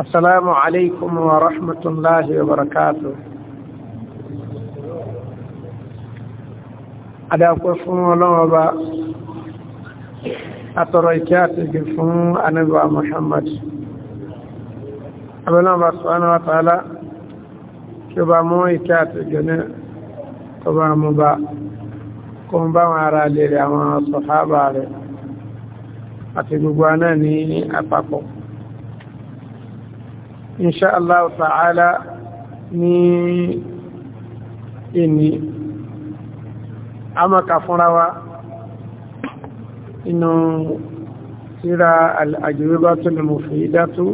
السلام عليكم ورحمة الله وبركاته أدعوكم الله وبركاته atọrọ ìkẹ́ àtìgì fún anábíwá Muhammad abúlọ́mà sọ́nà wátàálá kí ó bá mú ìkẹ́ àtìgì ní tó bá mú bá kó ń bá wọn ara lèrè àwọn sọ̀hábà rẹ̀ àti gbogbo aná ní àpapọ̀ insha Allah ta'ala ní ìní amaka fúnra wa inú tíra al-ajwibatul mufidatu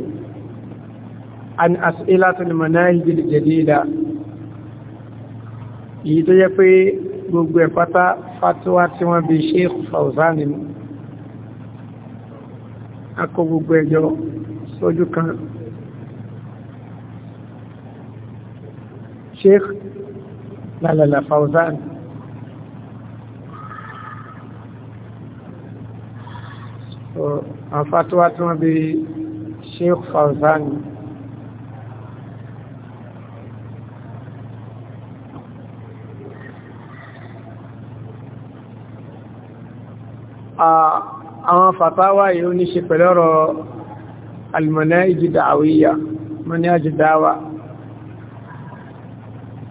an as'ilatul manahijil jadida èyí tó jẹ́ pé gbogbo ẹ̀pátá fatuwa tí wọ́n bí Sheikh Fawzan nínú akọ gbogbo kan شيخ لا لا لا فوزان، tí wọ́n bí Sheikh Fauzan àwọn fatawa yìí ó ní ṣe pẹ̀lú ọ̀rọ̀ almanahij da'awiyya manahij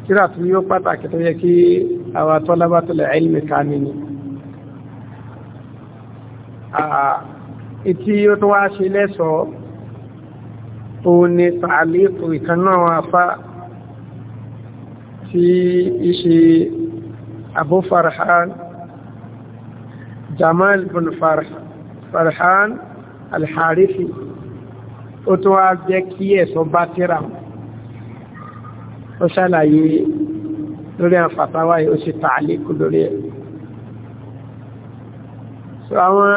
tíra tí yóò pàtàkì tó yẹ kí àwọn talabatul ilmi ká nínú ìtí yóò tó wá ṣe lẹ́sọ̀ọ́ tó ní tààlíkù ìkaná afá tí iṣẹ́ Abu Jamal bin Farhan al ó tó wá jẹ́ kí ẹ̀sọ bá tíra mú ó ṣàlàyé lórí àfàtàwà yìí ó ṣe tààlékù lórí ẹ̀ so àwọn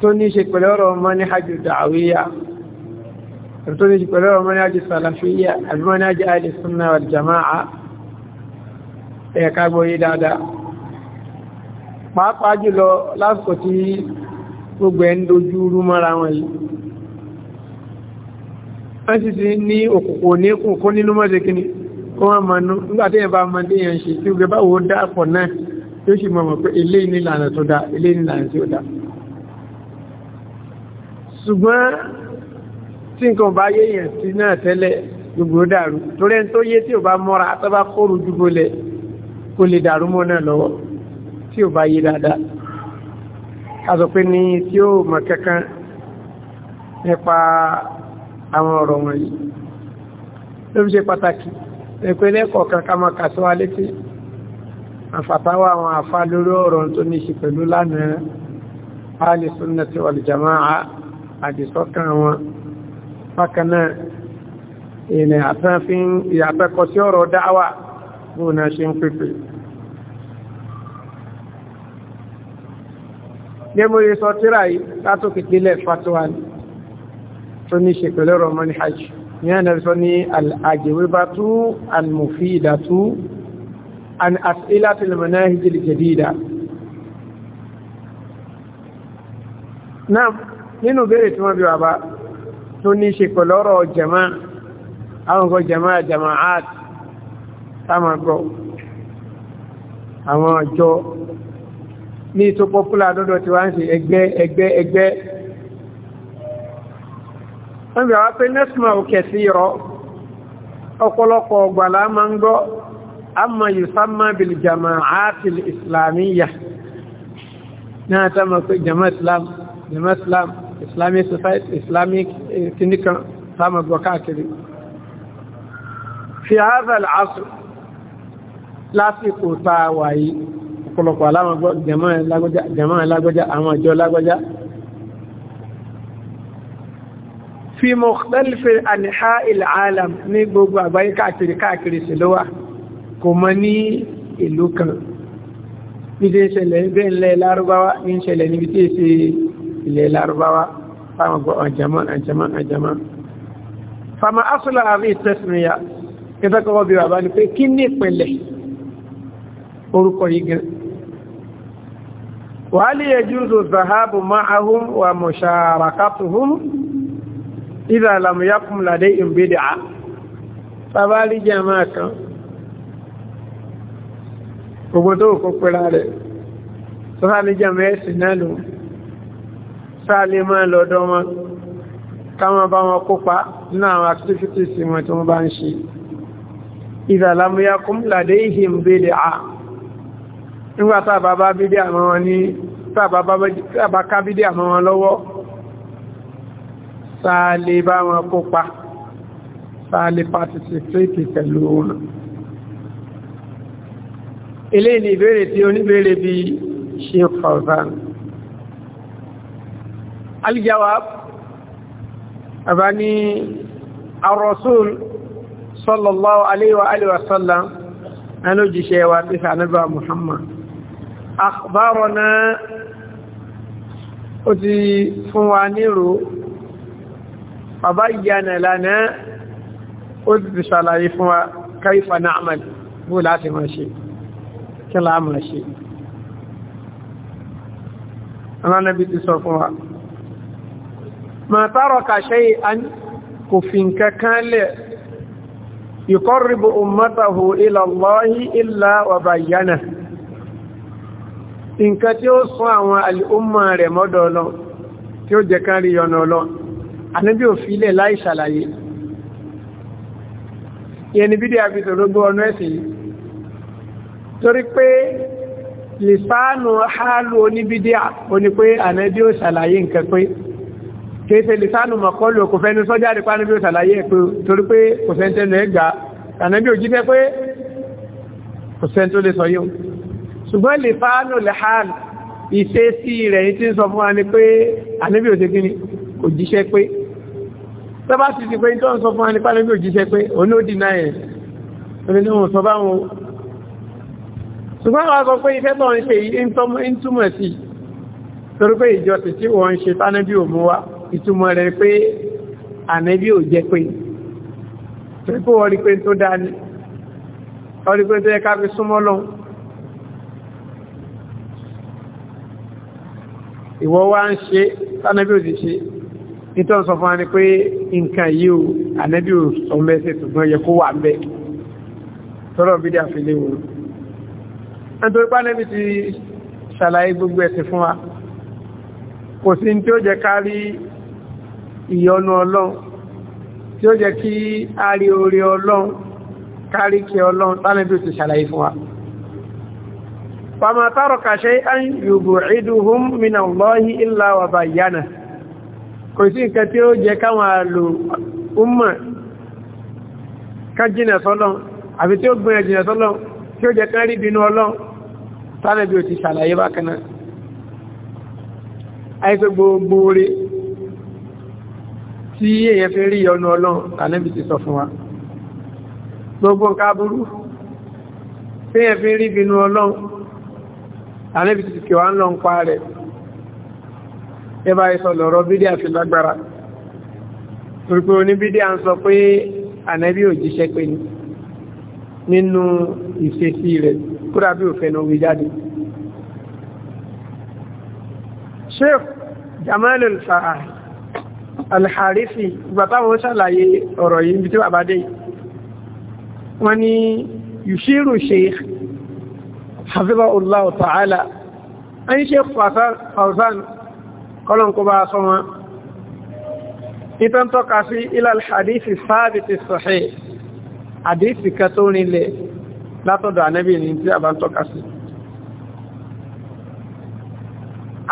tó ní ṣe pẹ̀lú ọ̀rọ̀ manhaju da'awiyya tó ní ṣe pẹ̀lú ọ̀rọ̀ manhaju salafiyya àbí manhaju ahli sunna wal jama'a ẹ̀yà ká gbọ́ yí dáadáa pàápàá jùlọ lásìkò tí gbogbo ẹ̀ ń dojú rú mọ́ra wọn yìí wọ́n sì ti ní òkùnkùn ní kùnkó nínú mọ́sẹ̀ kí ni kó wọ́n mọ̀ nú nígbàtí ẹ̀bá ọmọdé yẹn ṣe tí ó gẹ báwo dáàpọ̀ náà yóò sì mọ̀ pé ilé ní ìlànà tó dá ilé ní ìlànà tí ó dá ṣùgbọ́n tí nǹkan bá yé yẹn sí náà tẹ́lẹ̀ gbogbo dàrú torí ẹni tó yé tí ò bá mọ́ra àtọ́bá kóru dúgbò lẹ̀ kó lè dàrú mọ́ náà lọ́wọ́ tí ò bá yé dáadáa ká sọ pé ní tí ó mọ̀ kankan nípa àwọn ọ̀rọ̀ wọ̀nyí ló fi ṣe pàtàkì ẹ̀pẹ́lẹ́ kọ̀ọ̀kan ká máa kàṣọ́ wa létí àfàtàwà àwọn àfá lórí ọ̀rọ̀ tó ní ṣe pẹ̀lú lánàá ahli sunnati wal jama'a àdìsọ́kàn wọn bákanáà ìrìn àtàfin ìyàtẹ́kọ̀ sí ọ̀rọ̀ dáwà bóòna ṣe ń pèpè gẹ́mú ìsọ tíra yìí látòkìtílẹ̀ fatuwa ni tó ní ṣe pẹ̀lú ọ̀rọ̀ mọ́ ní hajj ní ẹ̀nẹ́sọ́ ní al-ajwibatu al-mufidatu an as'ilati al-manahij al-jadida náà nínú bèèrè tí wọ́n bí wà bá tó ní ṣe pẹ̀lú ọ̀rọ̀ jama àwọn ọjọ́ ní tó pọ́pùlà lọ́dọ̀ tí wá ń ṣe ẹgbẹ́ ẹgbẹ́ ẹgbẹ́ wọ́n bí wá pé nẹ́sìmọ̀ òkè sí rọ ọ̀pọ̀lọpọ̀ ọgbàlá ma ń gbọ́ amma yusamma bil jama'atil islamiyya náà ta mọ̀ pé jama'a islam jama'a islam islamic society islamic clinical eh, sama gbọ́ káàkiri fi hadha al'asr lásìkò tàà wáyé ọ̀pọ̀lọpọ̀ alámọ̀gbọ́ jama'a lágbọ́já àwọn àjọ lágbọ́já fi mọ̀kẹ́lifẹ̀ àníhá ilẹ̀ alam ní gbogbo àgbáyé káàkiri káàkiri sí lówà kò mọ́ ní ìlú kan níbi ìṣẹ̀lẹ̀ ibẹ̀ ilẹ̀ lárúbáwá ní ìṣẹ̀lẹ̀ níbi tí èsì ilẹ̀ lárúbáwá fáwọn gbọ́ àjàmọ́ ìdá àlàmùyákùn làdé ìbédà tàbárí jẹ́ máa kan gbogbo tó kó pẹ́ra rẹ̀ tàbárí jẹ́ mẹ́sì náà lò sáàlé máa lọ́dọ́ wọn káwọn bá wọn kópa nínú àwọn activities wọn tí wọ́n bá ń ṣe ìdá àlàmùyákùn làdé ìbédà nígbàtà bàbá bídí àmọ́ wọn ní tàbá ká bídí àmọ́ wọn lọ́wọ́ sáà lè bá wọn kópa sáà lè participate pẹ̀lú wọn ilé ni ìbéèrè tí oníbéèrè bí Sheikh Fauzan aljawab àbá ní ar-rasul sallallahu alaihi wa alihi jíṣẹ́ wa tí sànúbà muhammad akhbarana ó ti fún wa nírò àbáyànà lánà ó ti ṣàlàyé fún wa káífà náàmàlì bó láti máa ṣe kí láàmà ṣe alánàbí ti sọ fún wa ma tárọka ṣe an kò fi nkankan lẹ̀ ìkọrìbò ummatahu ilallahi illa wa bayyana nǹkan tí ó sún àwọn al'umma rẹ̀ mọ́dọ̀ lọ tí ó jẹ kan rí yọ̀nà lọ́nà ànábì òfin ilẹ̀ láì ṣàlàyé ìyẹn ni bídí àfihàn ológun ọ̀nà ẹ̀sìn yìí torí pé lìfáànù hálù oníbídí àpòní pé ànábì ò ṣàlàyé nǹkan pé kéèfé lìfáànù mọ̀kọ́lù kò fẹ́ni sọ́jà àdìpá ànábì ò ṣàlàyé pé torí pé kò sẹ́ntẹ́nu ẹgbà ànábì ò jíjẹ́ pé kò sẹ́ni tó lè sọ yóò ṣùgbọ́n lìfáànù lẹ́hálù ìṣesí rẹ̀ yìí ti ń sọ fún wa ni pé ànábì ò ṣe kíni kò jíṣẹ́ pé tọ́bá ti ti pé tó ń sọ fún wa ní pálẹ́bí òjíṣẹ́ pé òun ó dìnà ẹ̀ ẹni ní òun sọ bá wọn ṣùgbọ́n wà sọ pé ìfẹ́ tọ́rin pé ìtumọ̀ sí torí pé ìjọ ti tí wọ́n ṣe pálẹ́bí òmú wa ìtumọ̀ rẹ̀ pé ànẹ́bí ò jẹ́ pé torí pé wọ́n rí pé tó dáa ní wọ́n rí pé tó nítorí sọ fún wa ni pé nǹkan yìí o ànábì ò sọ mẹ́sẹ̀ ṣùgbọ́n yẹ kó wà ń bẹ̀ tọ́rọ̀ bí dí àfilé wọn nítorí pé ànábì ti ṣàlàyé gbogbo ẹ̀sìn fún wa kò sí tí ó jẹ́ kárí ìyọnu ọlọ́run tí ó jẹ́ kí a rí orí ọlọ́run kárí kí ọlọ́run tánàbí ti ṣàlàyé fún wa pàmàtàrọ̀ kàṣẹ́ àyíyùbù ìdúhùn mìnà lọ́hí ìlà wà bàyánà kò sí nǹkan tí ó jẹ káwọn àlò ọmọ kájínà sọ́lọ́n àbí tí ó gbìyàn jìnà sọ́lọ́n tí ó jẹ kán rí bínú ọlọ́n tánàbí ò ti ṣàlàyé bákaná àìsẹ́ gbogbo orí tí èyàn fi rí ọnà ọlọ́n tánàbí ti sọ fún wa gbogbo nǹkan aburú tí èyàn fi rí bínú ọlọ́n tánàbí ti kẹwàá ń lọ ń pa rẹ̀ ẹbá ìsọ lọ́rọ̀ bídíà fi lágbára torípé oní bídíà ń sọ pé ànábí òjíṣẹ́ pé ní nínú ìfèsí rẹ̀ kúrà bí òfẹ́ náà wí jáde sheikh jamalul farah alharifi gbàtàwọn ṣàlàyé ọ̀rọ̀ yìí bí tí wà kọ́lọ̀n kó bá sọ wọn ìtàn tọ́ka sí ilal hadithi sáàbìtì sahih hadithi kan tó rinlẹ̀ látọ̀dọ̀ ànábì ní tí a bá ń tọ́ka sí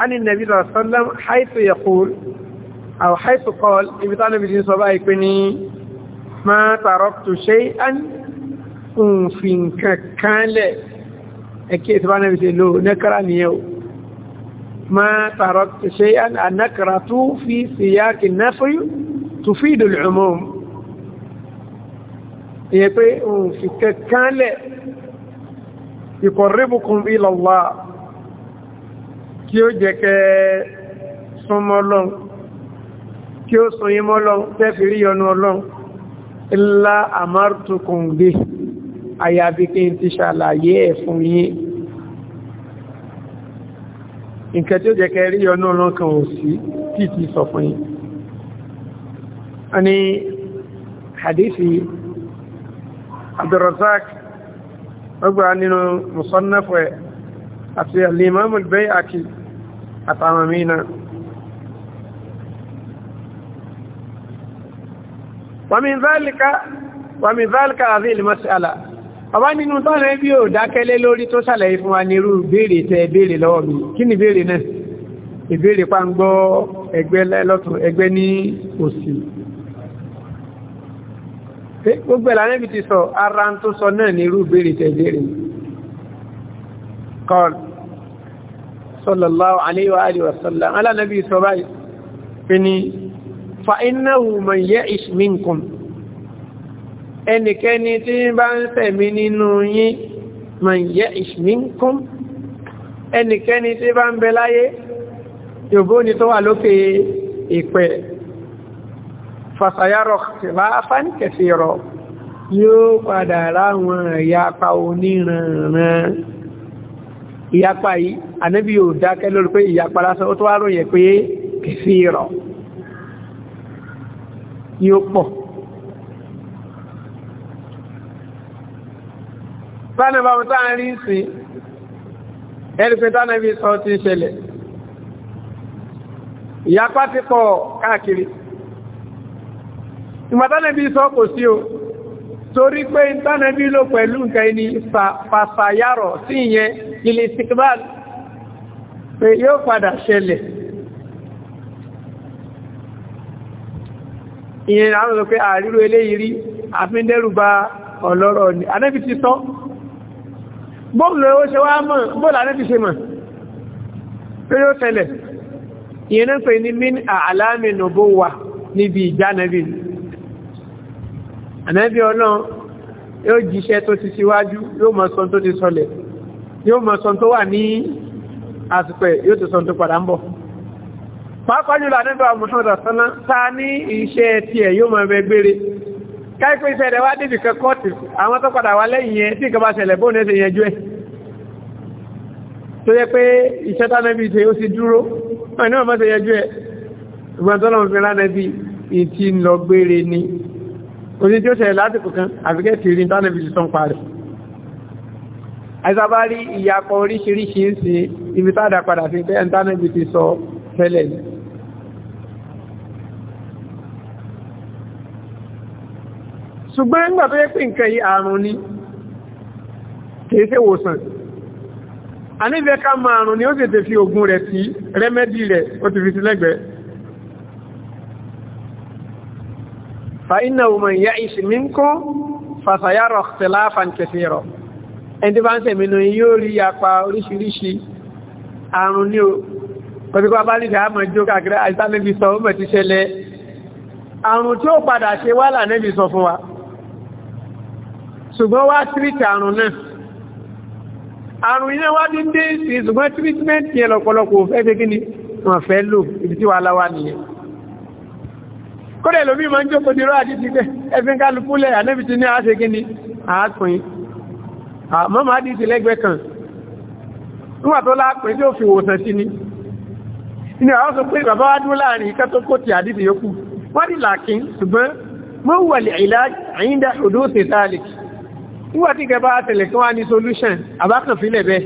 عن النبي صلى الله عليه وسلم حيث يقول أو حيث قال إبتان بجين صباح يكوني ما تركت شيئا òfin kankan lẹ̀ ẹ̀kí ìtìbánà ìṣèlú nẹ́kàrà nìyẹn ما تركت شيئا النكرة في سياق النفي تفيد العموم يبقى في كان يقربكم إلى الله kí ó jẹ́ kẹ́ súnmọ́ lọ́n kí ó sún yímọ́ lọ́n tẹ́fìrí yọnu ọlọ́n illa amartukum bí àyàbí kí n ti ṣàlàyé ẹ̀ fún yín nǹkan tí ó jẹ́ kẹrí ọ̀nà ọ̀nà kan ò sí tí ti sọ fún yín a ní hadithi abdurrazak ọgbà nínú musannafẹ́ àti alimamul bayhaqi àtàwọn mìíràn ومن ذلك ومن ذلك هذه المسألة bàbá nínú tọ́rẹ bí ò dákẹ́lé lórí tó ṣàlàyé fún wa ní irú béèrè tẹ béèrè lọ́wọ́ mi kí ni béèrè náà ìbéèrè pa ń gbọ́ ẹgbẹ́ lọ́tún ẹgbẹ́ ní òsì gbogbo níbi ti sọ ara ń tó sọ náà ní irú tẹ béèrè kọl sallallahu ẹnikẹ́ni tí bá ń tẹ̀mí nínú yín man ya'ish minkum ẹnikẹ́ni tí bá ń bẹ láyé yòbó ni tó wà lókè ìpẹ̀ fàṣàyàrọ̀ ikhtilafan kathira yóò padà ráwọn ìyapa oníranran ìyapa yìí ànábì yóò dákẹ́ lórí pé ìyapa lásán ó tó wá ròyìn pé kathira yóò pọ̀ báyìí bá mọ́ta rí sí ẹ̀rìfẹ́ tánàbí sọ ti ṣẹlẹ̀ ìyapá ti pọ̀ káàkiri ìmọ̀tánàbí sọ kò sí o torí pé tánàbí ló pẹ̀lú nǹkan ẹni fàfàyàrọ̀ sí ìyẹn ilẹ̀ sikbal pé yóò padà ṣẹlẹ̀ ìyẹn àwọn olùpẹ́ àríro eléyìí àfíndẹ́rù bá ọlọ́rọ̀ ni anẹ́bí ti bóòlù ó ṣe wá mọ̀ bóòlù àrẹ́ ti ṣe mọ̀ pé ó tẹ́lẹ̀ ìyẹn náà pè ní min àlámì nùbó wà níbi ìjánẹ́bì ànẹ́bí ọlọ́run yóò jíṣẹ́ tó ti síwájú yóò mọ̀ sọ tó ti sọlẹ̀ yóò mọ̀ sọ tó wà ní àsìpẹ̀ yóò ti sọ tó padà ń bọ̀ pàápàá jùlọ ànẹ́bí ọmọ sọ́dọ̀ káíkó iṣẹ́ rẹ̀ wá dìbì kan kọ́ọ̀tì àwọn tó padà wá lẹ́yìn yẹn tí ìkọba ṣẹlẹ̀ bóòrùn ẹsẹ̀ yẹn jú ẹ̀ tó yẹ pé iṣẹ́ tánẹ́bí ṣe ó sì dúró wọ́n ní wọ́n mọ́sẹ̀ yẹn jú lọ gbére ni oní tí ó ṣẹlẹ̀ lásìkò kan àfikẹ́ ti rí tánẹ́bí ti tán parí àìsàbá rí ìyàpọ̀ oríṣiríṣi ń sin ibi tádà ṣùgbọ́n nígbà tó yẹ pé nǹkan yìí àrùn ni kìí ṣe wòsàn a nífẹ́ ká ma àrùn ni ó sì fi ogun rẹ̀ tí rẹ́mẹ́dì rẹ̀ ó ti fi sí lẹ́gbẹ̀ẹ́ fa iná ọmọ ìyá ìṣì mí ń kó fàṣàyàrọ̀ tẹ̀láfàn kẹfẹ́ rọ̀ ẹni tí bá ń tẹ̀mínú yóò rí apá oríṣiríṣi àrùn tí ó padà ṣe wà lànẹ́bí sọ fún wa ṣùgbọ́n wá tírítì àrùn náà àrùn iná wá ní dé sí ṣùgbọ́n tírítímẹ́ntì yẹn lọ́pọ̀lọpọ̀ fẹ́ fẹ́ gíní wọ́n fẹ́ lò ibi tí wà láwá nìyẹn kódẹ̀ lómi ma ń jókòó dírọ́ àdíjì pé ẹfin kálukúlẹ̀ ànẹ́bìtì ní àáṣe gíní àápin mọ́mọ́ àdíjì lẹ́gbẹ́ kan nígbà tó lápin tí ó fi wòsàn sí ni inú àwọn sọ pé bàbá wá dúró láàrin ikẹ́ kó ti àdíjì yókù wọ́n dì làkín ṣùgbọ́n mọ́wọ̀lì àyíndà òdó ṣe nígbà tí ìkẹba tẹ̀lẹ̀ kí wá ní solution àbákan fílẹ̀ bẹ́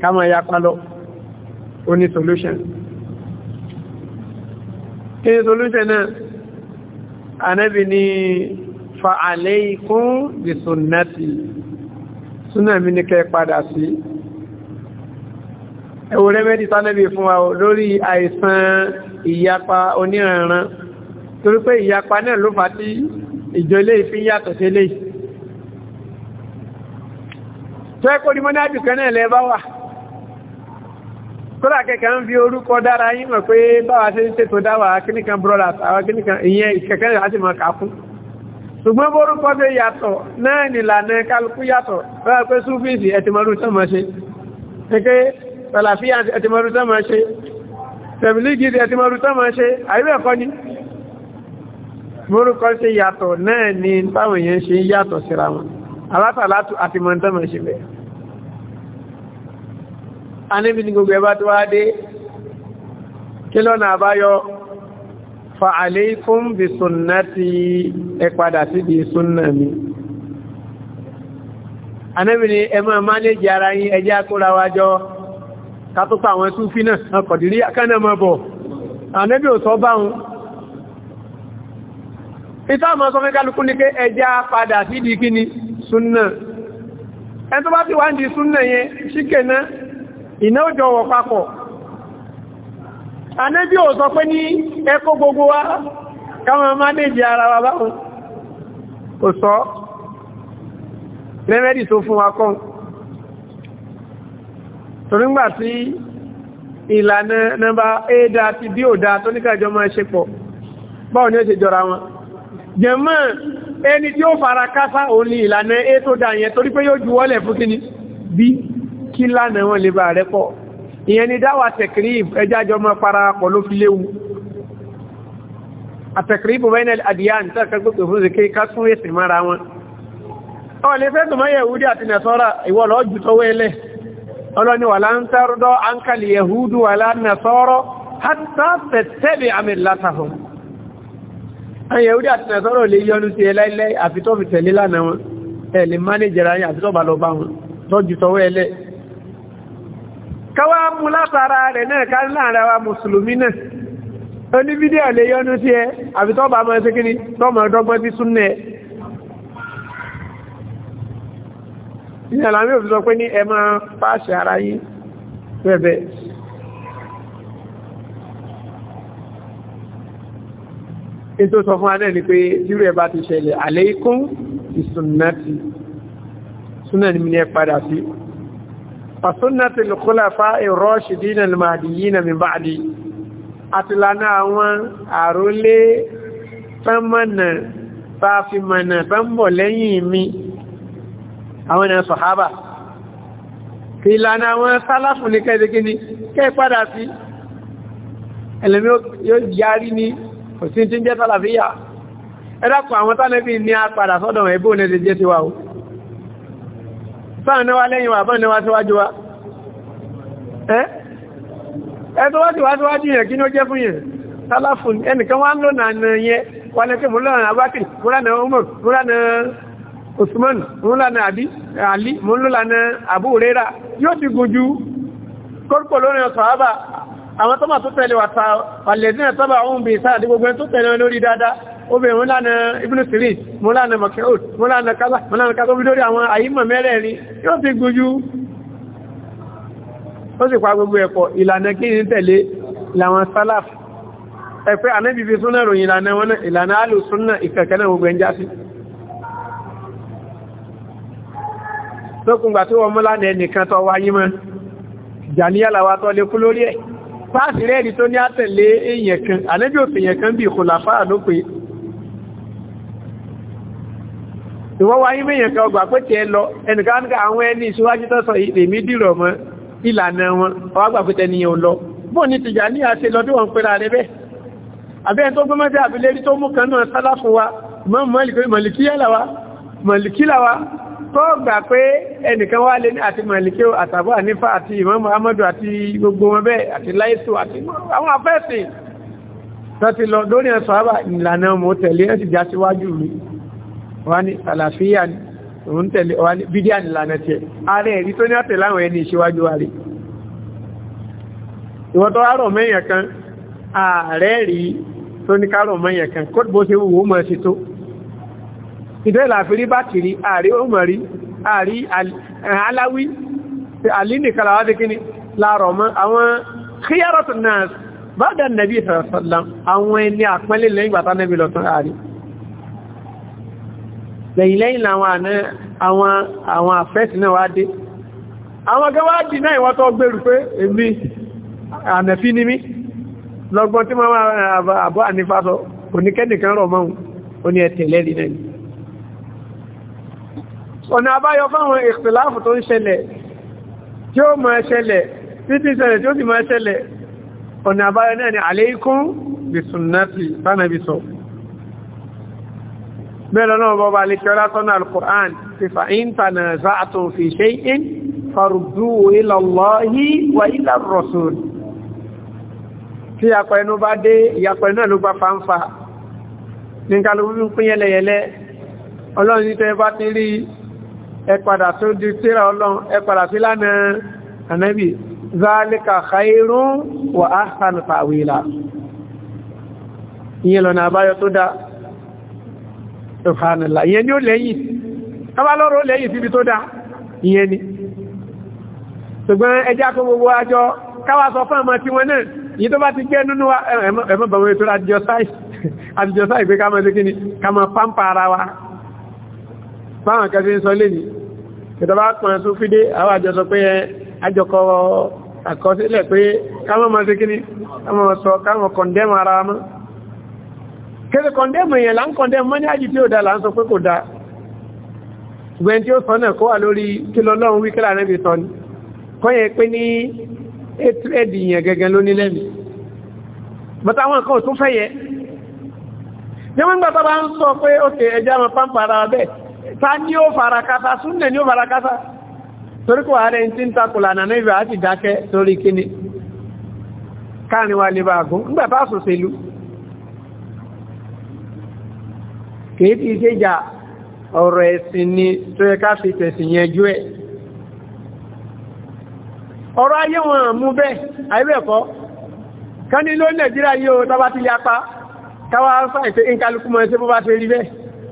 kàmọ̀ ya pálọ́ ó ní solution kí ni solution náà anẹ́bì ni fa'alaykum bi sunnati súnàmì ní kẹ padà sí ẹwọ rẹ́mẹ́dì tánẹ́bì fún wa lórí àìsàn ìyapa oníranran torípé ìyapa náà ló fà tí ìjọ ìfíyàtọ̀ sí eléyìí tó ẹ́kọ́ ní mọ́ní àjùkẹ́ náà lẹ bá wà kọ́lá kẹ́kẹ́ ń fi orúkọ dára yí mọ̀ pé báwa ṣe ń ṣètò dáwà kíníkan brothers àwọn kíníkan ìyẹn ìkẹ́kẹ́ láti mọ̀ kà fún ṣùgbọ́n bórúkọ ṣe yàtọ̀ náà nìlànà kálukú yàtọ̀ báwa pé súfíìsì ẹ̀tìmọ̀rú sọ́mọ̀ ṣe pẹ́kẹ́ tàlàfíà ẹ̀tìmọ̀rú sọ́mọ̀ ṣe tẹ̀mílígì ẹ̀tìmọ̀rú sọ́mọ̀ ni bórúkọ ṣe yàtọ̀ náà ni alásàlátù àti mọ̀ntánmọ̀ ṣe bẹ̀ a níbi ni gbogbo ẹbá tó wá dé kí lọ́nà àbáyọ fa alaykum bí sunnati ẹ padà sí bí súnnà mi a níbi ni ẹ máa mánéjì ara yín ẹjẹ́ akóra wájọ́ kátúpa àwọn súnfí náà kọ̀dìrí akẹ́nà mọ́ sọ báhun ìtàmọ́ ní pé ẹjẹ́ padà sí di kíni súnnà ẹni tó bá ti wá ń di súnnà yẹn ṣíkẹ̀ náà iná òjò wọ̀ papọ̀ anẹ́bí ò sọ pé ní ẹkọ́ gbogbo wa káwọn mánéjì ara wa báwọn kò sọ rẹ́mẹ́dì tó fún wa kọ́ torígbà tí ìlànà nọmba ẹ́dà ti bí ò dáa tó níkàjọ máa ẹni tí ó fara káfá òun ni ìlànà a tó dá yẹn torí pé yóò juwọ́lẹ̀ fún kíni b kí lánà wọn lè bá rẹ̀ pọ̀ ìyẹn ni dáwà tẹ̀kìrìb ẹjájọ́ mọ́ parapọ̀ ló fi léwu àtẹ̀kìrìbù bẹ́ẹ̀ náà àdìyàn tẹ́kẹ́gbẹ́ fún ìsìnkí ká fún èsì mara àwọn ẹ̀wúrí àti nàìsọ́rọ̀ lè yọnu sí ẹláìlẹ́ àfi tó fi tẹ̀lé lánàá wọn ẹ lè mánéjẹ̀rẹ̀ ayé àti tọ́bà lọ bá wọn tọ́jú tọwọ́ ẹlẹ́ káwàá mú látara rẹ̀ náà ká láàrin àwa mùsùlùmí náà oní fídíò lè yọnu sí ẹ àfi tọ́bà mọ́ ẹsẹ́ kíní tọ́mọ̀ ọdọ́gbọ́n ti sún in tó sọ fún anẹ́ ni pé tíru ẹ bá ti ṣẹlẹ̀ aleikum ìsúnnàtì súnà ni mi padà sí fàsúnnàtì lùkúlàfà ìrọ́ṣìdínà màdìyínà mi báàdì àtìlànà àwọn àrólé fẹ́mọ̀nà fàfimọ̀nà fẹ́mọ̀ lẹ́yìn mi àwọn ẹ̀nà sọ̀hábà ìlànà àwọn sálàfù ní kẹ́ kò sí tí ń jẹ́ tàlàfíyà ẹ́dàkọ̀ àwọn tánẹ́bí ní a padà sọ́dọ̀ ẹ̀bọ́ ní ti jẹ́ ti wà sáà níwá lẹ́yìn wà bọ́n níwá síwájú ẹ́ tó wá kí ní ó jẹ́ fún yẹn tálàfù ẹnìkan wá ń lò nà ali yóò ti gùn ju lórí àwọn tó máa tó tẹ̀lé wàtà alẹ́dínà tọ́bà ohun bí sáà dí gbogbo ẹni tó tẹ̀lé wọn lórí dáadáa obìnrin múlànà ibn Sirin múlànà makirud múlànà kaba múlànà kaba bí lórí àwọn àyímọ̀ mẹ́rẹ̀ẹ̀rin yóò ti gbójú ó sì pa gbogbo ẹ̀kọ́ ìlànà kí ní tẹ̀lé làwọn salaf ẹ̀pẹ́ anábìbí súnà ròyìn ìlànà wọn ìlànà alù súnà ìkẹ̀kẹ́ náà gbogbo ẹnjá sí lókùngbà tí wọ́n múlànà ẹnìkan tọ́ wáyé kú lórí ẹ̀ pàásì rẹ̀ ní tó ní àtẹ̀lé èèyàn kan àlébí òfin èèyàn kan bí ìkòlàfà ló pé ìwọ́n wáyé mẹ́yàn kan ọgbà pé tẹ́ lọ ẹnìkanáà àwọn ẹni ìṣíwájú tọ́sọ èmi dìrọ̀ mọ́ ìlànà wọn ọwágbà pé tẹ́niyàn lọ bó ní tìjà ní àṣẹ lọ bí wọ́n pẹ́ra rẹ̀ bẹ́ àbẹ́yẹn tó gbọ́mọ́ sí àbílẹ́rí tó mú kan náà sálá fún wa mọ́ mọ́lìkíyàlá wa tó gbà pé ẹnìkan wá lé ní àti mọ̀lẹ́kẹ́ àtàbọ̀ ànífà àti Imam Muhammadu àti gbogbo wọn bẹ́ẹ̀ àti láìsù àti àwọn afẹ́sìn tó ti lọ lórí ẹ̀sọ́ àbà ìlànà mọ̀ tẹ̀lé ẹ̀ sì já síwájú mi wá ní àlàáfíà ní òun tẹ̀lé wá ní bídíà ìlànà tiẹ̀ ààrẹ ẹ̀rí tó ìdẹ́ ìlàfírí bá kiri àrí omari àrí aláwí eh, alínìkàlà wá díkíní láàrọ̀ mọ́ àwọn kíyàrọ̀tù náà bá dá nàbí ìfẹ̀sọ̀lá àwọn ẹni àpẹẹlẹ̀ lẹ́yìn gbàtà nẹ́bí lọ́tún àrí lẹ́yìn lẹ́yìn àwọn àfẹ́sì náà wá dé àwọn gẹ́wà dì náà ìwọ́n tó gbèrú pé èmi ànẹ̀fí ní mí lọ́gbọ́n tí wọ́n máa àbọ́ ànífàsọ oníkẹ́nìkan rọ̀ mọ́ òní ẹ̀tẹ̀lẹ́rì náà ọ̀nà àbáyọ fáwọn ìpìláàfù tó ń ṣẹlẹ̀ tí ó máa ṣẹlẹ̀ títí ṣẹlẹ̀ tí ó sì máa ṣẹlẹ̀ ọ̀nà àbáyọ náà ni alaykum bi sunnati fánàbí sọ mẹ́lọ náà bọ́ bá lè kẹ́rọ sọ́nà al-Qur'an ti fa in tanaza'tum fi shay'in farudduhu ila Allahi ọlọ́run ní tẹ́ bá ti rí ẹ padà tó di síra ọlọ́run ẹ padà sí lánà ànábì zálíkà khairun wà áhàn tàwílà ìyẹn lọ́nà àbáyọ tó dá ìfànàlá ìyẹn ni ó lẹ́yìn ọba lọ́rọ̀ lẹ́yìn síbi tó dá ìyẹn ni ṣùgbọ́n ẹjá tó gbogbo àjọ káwà sọ fún àmà tí wọ́n náà yìí tó bá ti jẹ́ nínú ẹ̀mọ́ bàwọn ètò àdìjọ sáì pé ká máa pàmpà ara wa báwọn kẹfí ń sọ lè ní ìtọba kan tó fídé àwọn àjọsọ pé àjọkọ àkọsílẹ̀ pé káwọn máa ṣe kí ní káwọn sọ káwọn kọndẹ́mù ara mọ́ kéde kọndẹ́mù èèyàn là ń kọndẹ́mù mọ́ ní àjì tí ó dá là ń sọ pé kò dá ṣùgbọ́n tí ó sọ náà kó wà ni kọ́yẹ pé ní étrẹ́dì yẹn gbà tọ́bá ń sọ pé ókè ẹjá mọ̀ pàmpara bẹ́ẹ̀ ta ní ó farakata súnnẹ̀ ní ó farakata torí kò ààrẹ tí ń takùlà nà náà ibẹ̀ àti dákẹ́ torí kíní káàrinwà lè bá gún nígbàtà sòsèlú kìí ti ṣe jà ọ̀rọ̀ ẹ̀sìn ni tó yẹ ká fi tẹ̀sìn yẹn jú ẹ̀ ọ̀rọ̀ ayé wọn mú bẹ́ẹ̀ àìbẹ̀kọ́ ká ní ló Nàìjíríà yóò tọ́bá yapa káwàá fáìfẹ́ ìkálukú mọ́ ẹsẹ́ bó bá ṣe rí bẹ́ẹ̀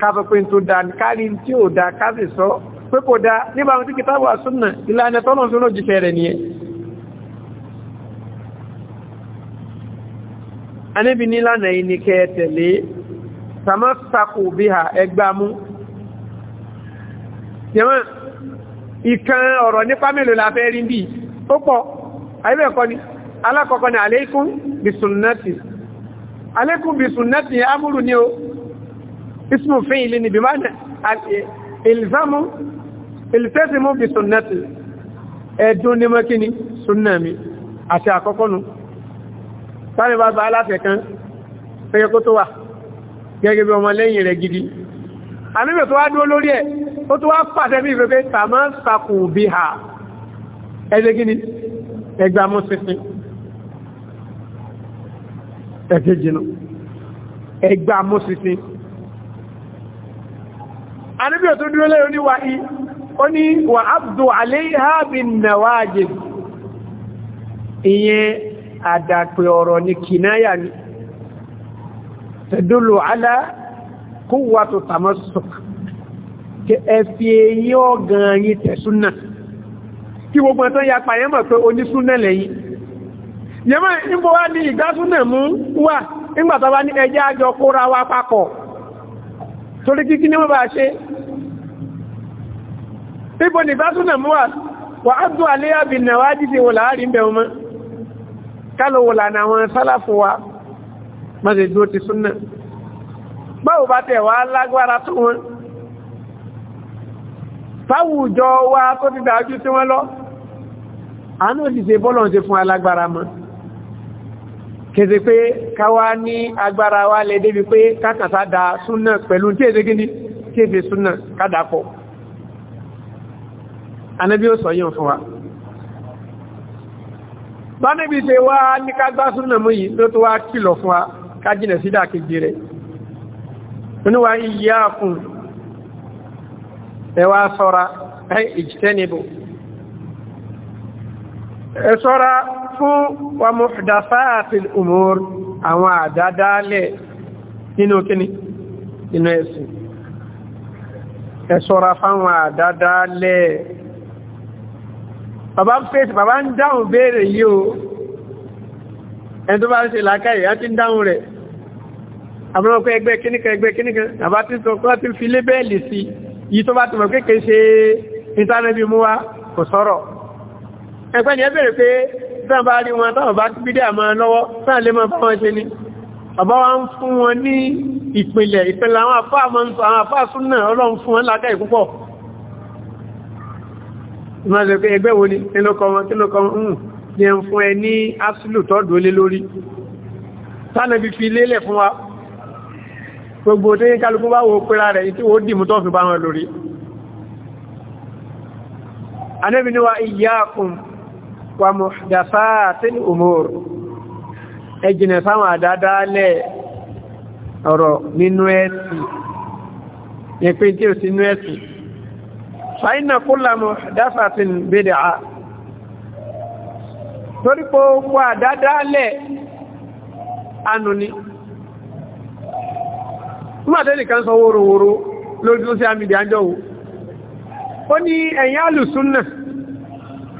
káfẹ́ pé tó dá kárí tí ó dá káfẹ́ sọ pé kò dá nígbà tí kìtàbù wa súnà ìlànà tọ́nà tó ló jíṣẹ́ rẹ̀ nìyẹn anábi nílànà yìí ni kẹ́ tẹ̀lé samasako bí ha ẹgbàmú jẹ́mọ́ ìkan ọ̀rọ̀ nípa mélòó la fẹ́ rí bí ó pọ̀ àyíbẹ̀kọ́ ni alákọ̀ọ́kọ́ ni aleikum bisunnati aleikum bisunnati amúrù ni o اسم فعل بمعنى الزام التزم بسنتي ادوني مكني سنامي àti àkọ́kọ́nu sáré bá bá aláfẹ́ kan fẹ́yẹ kó tó wà gẹ́gẹ́ bí ọmọ lẹ́yìn rẹ̀ gidi àníbẹ̀ tó wá dúró lórí ẹ̀ ó tó wá pàtẹ́ bí ìfẹ́fẹ́ tàmá sàkù anábí ò tó dúró lẹ́yìn ó ní wà ìyẹn àdàpè ọ̀rọ̀ ní kìnáyà ni tẹ̀dúlù alá kí ẹfì èyí ọ̀gàn yìí tẹ̀súnà kí gbogbo ẹ̀tọ́ ya pàyẹ́ mọ̀ pé onísúnà lẹ́yìn torí kíkí ní wọ́n bá ṣe pípọ̀ ní básúnà mú wà wà á dùn àléyà bí nà wá jíse wò láàrí ń bẹ̀rún mọ́ kálọ̀ wò lànà àwọn sálàfù wa mọ́sẹ̀ dúró ti súnà báwo bá tẹ̀ wá lágbára tó wa tó ti dájú tí wọ́n lọ àánú òṣìṣẹ́ bọ́lọ̀ ń ṣe kèsè pé káwá ní agbára wa lè débi pé kákàtà da súnà pẹ̀lú tí èsè gíní tí èsè súnà kádàpọ̀ anábí ó sọ yíò fún wa bá níbi ṣe wá ní kágbá súnà mú yìí ló tó wá kìlọ̀ fún wa kájìnà sídà kejì rẹ̀ oníwà iyá kùn ẹwà sọ́ra ẹ̀ ìjìtẹ́nibù ẹ sọ́ra fún wa muhdathatil umur àwọn àdádálẹ̀ nínú kíní nínú ẹ̀sìn ẹ ṣọ́ra fáwọn àdádálẹ̀ bàbá ń pèsè bàbá ń dáhùn béèrè yìí o ẹni tó bá ń ṣe làákàyè á ti ń dáhùn rẹ̀ àmọ́ ọkọ̀ ẹgbẹ́ kíníkan ẹgbẹ́ kíníkan àbá tí sọ kọ́ tí fi lébẹ́ẹ̀lì sí yìí tó bá ti mọ̀ kéèkéé ṣe ìtànẹ́bí mú kò sọ̀rọ̀ ẹgbẹ́ ẹ bèèrè pé tán bá rí wọn táwọn bá bídẹ́ àmà lọ́wọ́ sáà lè máa bá wọn ṣe ni bàbá wa ń fún wọn ní ìpìlẹ̀ ìpìlẹ̀ àwọn àfáà mọ́ ń sọ àwọn àfáà sún náà ọlọ́run fún wọn lákẹ́ ìpúpọ̀ ẹgbẹ́ wo ni kílókọmọ kílókọmọ hmm. ń jẹ ń fún gbogbo tí kálukú bá wo pẹ́ra rẹ̀ tí ó dìmú tó bá wọn lórí anẹ́bìnúwa iyyakum wa muhdathatil umur ẹ jìnà sáwọn àdádálẹ̀ ọ̀rọ̀ nínú ẹ̀sìn ìpín tí ó sí nínú ẹ̀sìn fa inna kulla muhdathatin bid'ah torí pé ó pọ̀ àdádálẹ̀ anú ni Nígbàtẹ́ nìkan sọ wóró wóró lórí social media ń jọ wò. Ó ní ẹ̀yìn alùsùn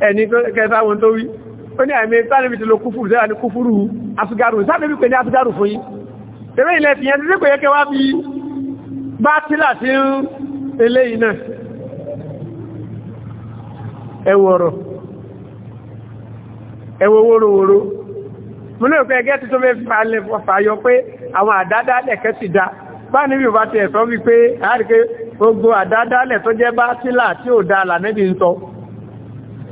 ẹni kẹta wọn tó wí ó ní àìmẹ́ sáàlẹ́bí ti lo kúfùrù sẹ́ra ní kúfùrù asùgárù sáàlẹ́bí pè ní asùgárù fún yí tẹ́rẹ́ ilẹ̀ fi yẹn tí pé kẹwàá bí bá tílà sí ń ilé iná ẹwọ̀rọ̀ ẹwọ̀ wórówóró mo ní òpin ẹgẹ́ ti tó mẹ́ fàyọ pé àwọn àdádálẹ̀ kẹ́ ti da bá níbi ò bá ti ẹ̀sọ́ wípé àárí pé gbogbo àdádálẹ̀ tó jẹ́ bá tílà tí ò da lànẹ́bí ń sọ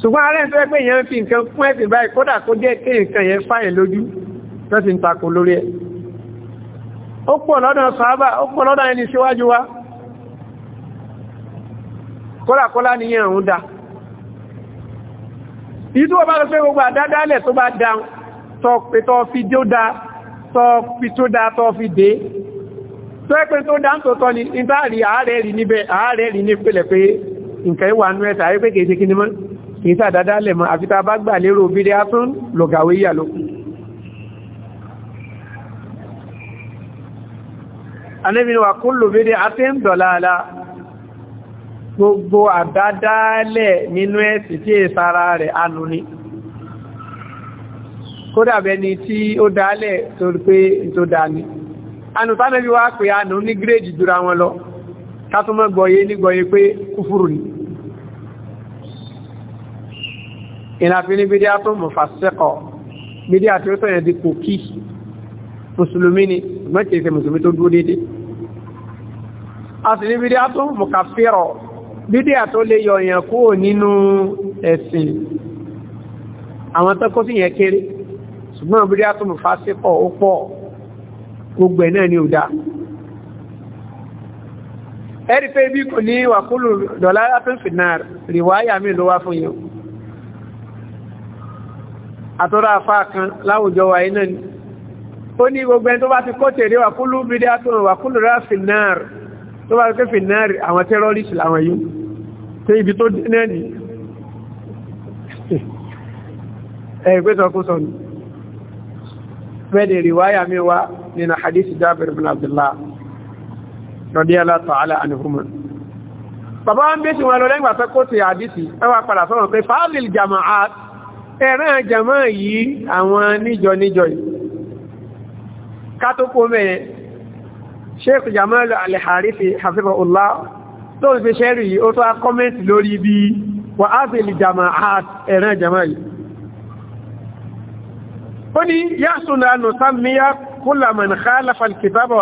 ṣùgbọ́n ààrẹ tó ẹgbẹ́ èèyàn fi nǹkan fún ẹ̀sìn báyìí kódà kó jẹ́ kí nǹkan yẹn fáyẹ̀ lójú tó sì ń takò lórí ẹ̀ ó pọ̀ lọ́dọ̀ sàábà ó pọ̀ lọ́dọ̀ ẹni síwájú wa kódàkódà níyàn òun dá ìdú ọba lọ pé gbogbo àdádálẹ̀ tó bá dá tọ́ fi jó dá tọ́ fi tó dá tọ́ fi dé tó ẹgbẹ́ tó dá ń tó tọ́ ni ìbáàrí ààrẹ rí pé nǹkan ìwà nú ẹ̀sà ìta dáadáa lẹ̀ mọ́ àfíta bá gbà lérò bídé átún lọ́gàwé yà lókù anẹ́bìnrin wà kún lò bídé átún dọ̀láàlá gbogbo àdádáálẹ̀ nínú ẹ̀sì tí èsára rẹ̀ anú ni kódà bẹni tí ó dálẹ̀ tó pé tó dání anù tánàbí wá pé anù ní gírèjì jùra wọn lọ ká gbọ́yé ní gbọ́yé pé kúfùrù ni ìlàfin ní bídíà tó mọ̀ fàṣẹ́kọ̀ bídíà tí ó tọ̀yẹ̀ di kò kí mùsùlùmí ni mẹ́kì ṣe mùsùlùmí tó dúró dédé a sì ní bídíà tó mọ̀ kàfírọ̀ bídíà tó lè yọ èèyàn kúrò nínú ẹ̀sìn àwọn tó sí yẹn kéré ṣùgbọ́n bídíà tó mọ̀ ó pọ̀ gbogbo ẹ̀ náà ni ò dáa ẹ̀rí pé bí kò ní wàkúlù dọ̀lá àtọ́rọ àfá kan láwùjọ wà iná ni ó ní gbogbo ẹni tó bá ti kọ́ tèrè wà kúlù bídí àtọ́rọ wà kúlù rá fìnnáàrì tó bá rẹ̀ fìnnáàrì àwọn tẹ́rọrìsì làwọn yìí tó ibi tó dínà ni fẹ́dẹ̀ ríwáyà Jabir bin Abdullah radiyallahu ta'ala anhuma bàbá wọn bí sí wọn lọ lẹ́gbàtọ́ kó ti hadith ẹwà padà sọ́rọ̀ pé fa'alil jama'at ẹ̀rán àjàmá yìí àwọn níjọ níjọ yìí kátókò mẹ́yẹn Sheikh Jamal al-Harithi hafizahullah tó ń fi ṣẹ́rì yìí ó tó á kọ́mẹ́ntì lórí bí wà á fi lè jàmà ẹ̀rán àjàmá yìí ó ní yásùnà nù sàmìyà kúlà man khalafa al-kitaba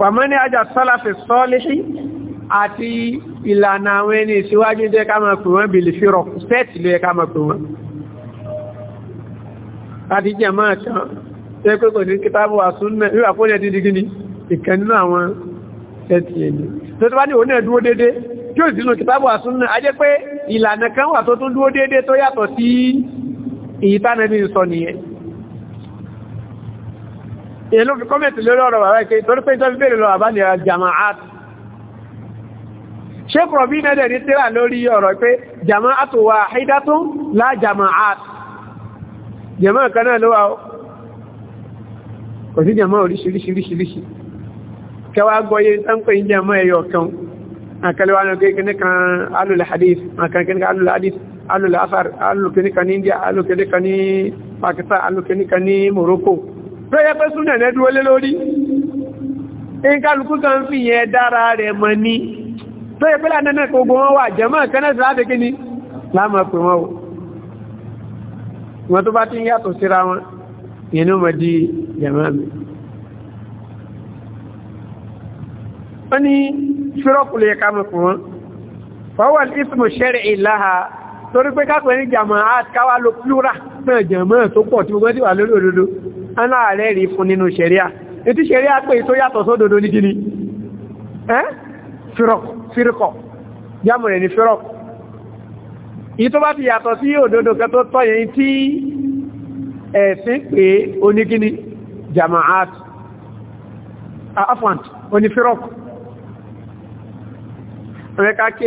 pàmọ́ní ajá sọ́láfì sọ́lẹ́ṣí àti ìlànà àwọn ẹni ìsíwájú jẹ́ ká máa pè wọ́n bí lè fi rọ̀ sẹ́ẹ̀tì lè ká máa pè wọ́n àti jẹ́ máa tán tẹ́ pé kò ní kítàbù àsúnnà wíwà kó ní ẹ̀dídí gíní ìkan nínú àwọn sẹ́ẹ̀tì ẹni tó tó bá ní òun dúró èyàn ló fi kọ́mẹ̀tì lórí ọ̀rọ̀ bàbá ìké torí pé ìtọ́bí bèèrè lọ bàbá ní ọ̀rọ̀ jama'at ṣe kọ̀rọ̀bí nẹ́dẹ̀ ní tíra lórí ọ̀rọ̀ pé jama'at wahidatun la jama'at jama'a kan náà ló wà ó kò sí jama'a oríṣiríṣiríṣiríṣi kẹwàá gbọ́yé tánpẹ̀ ní jama'a ẹyọ kan akẹlẹ́wà náà kékeré kan alùlẹ̀ hadith akẹ́kẹ́ kan alùlẹ̀ hadith alùlẹ̀ tó yẹ pé súnà ẹ̀ dúró lé lórí ìkálukú kan fi yẹn dára rẹ̀ mọ̀ ní tó yẹ pé lánàá gbogbo wọn wà jẹ́mọ́ kẹ́nẹ́sì láti kí ni láàmọ̀ pè wọ́n torí pé kápẹ́ ní jàmọ́ àti káwá lo plural náà jàmọ́ tó pọ̀ tí mo gbọ́ sí wà lórí òdodo aná ààrẹ rí fún nínú ṣẹ̀ríà ètí ṣẹ̀ríà pé tó yàtọ̀ sódodo ní gini ẹ́n fírọ̀kọ̀ jámù rẹ̀ ni fírọ̀kọ̀ yìí tó bá ti yàtọ̀ sí òdodo kẹ tó tọ́yẹ tí ẹ̀sìn ah, pé onígini jamaat afant oní fírọ̀kọ̀ ẹ̀ka kí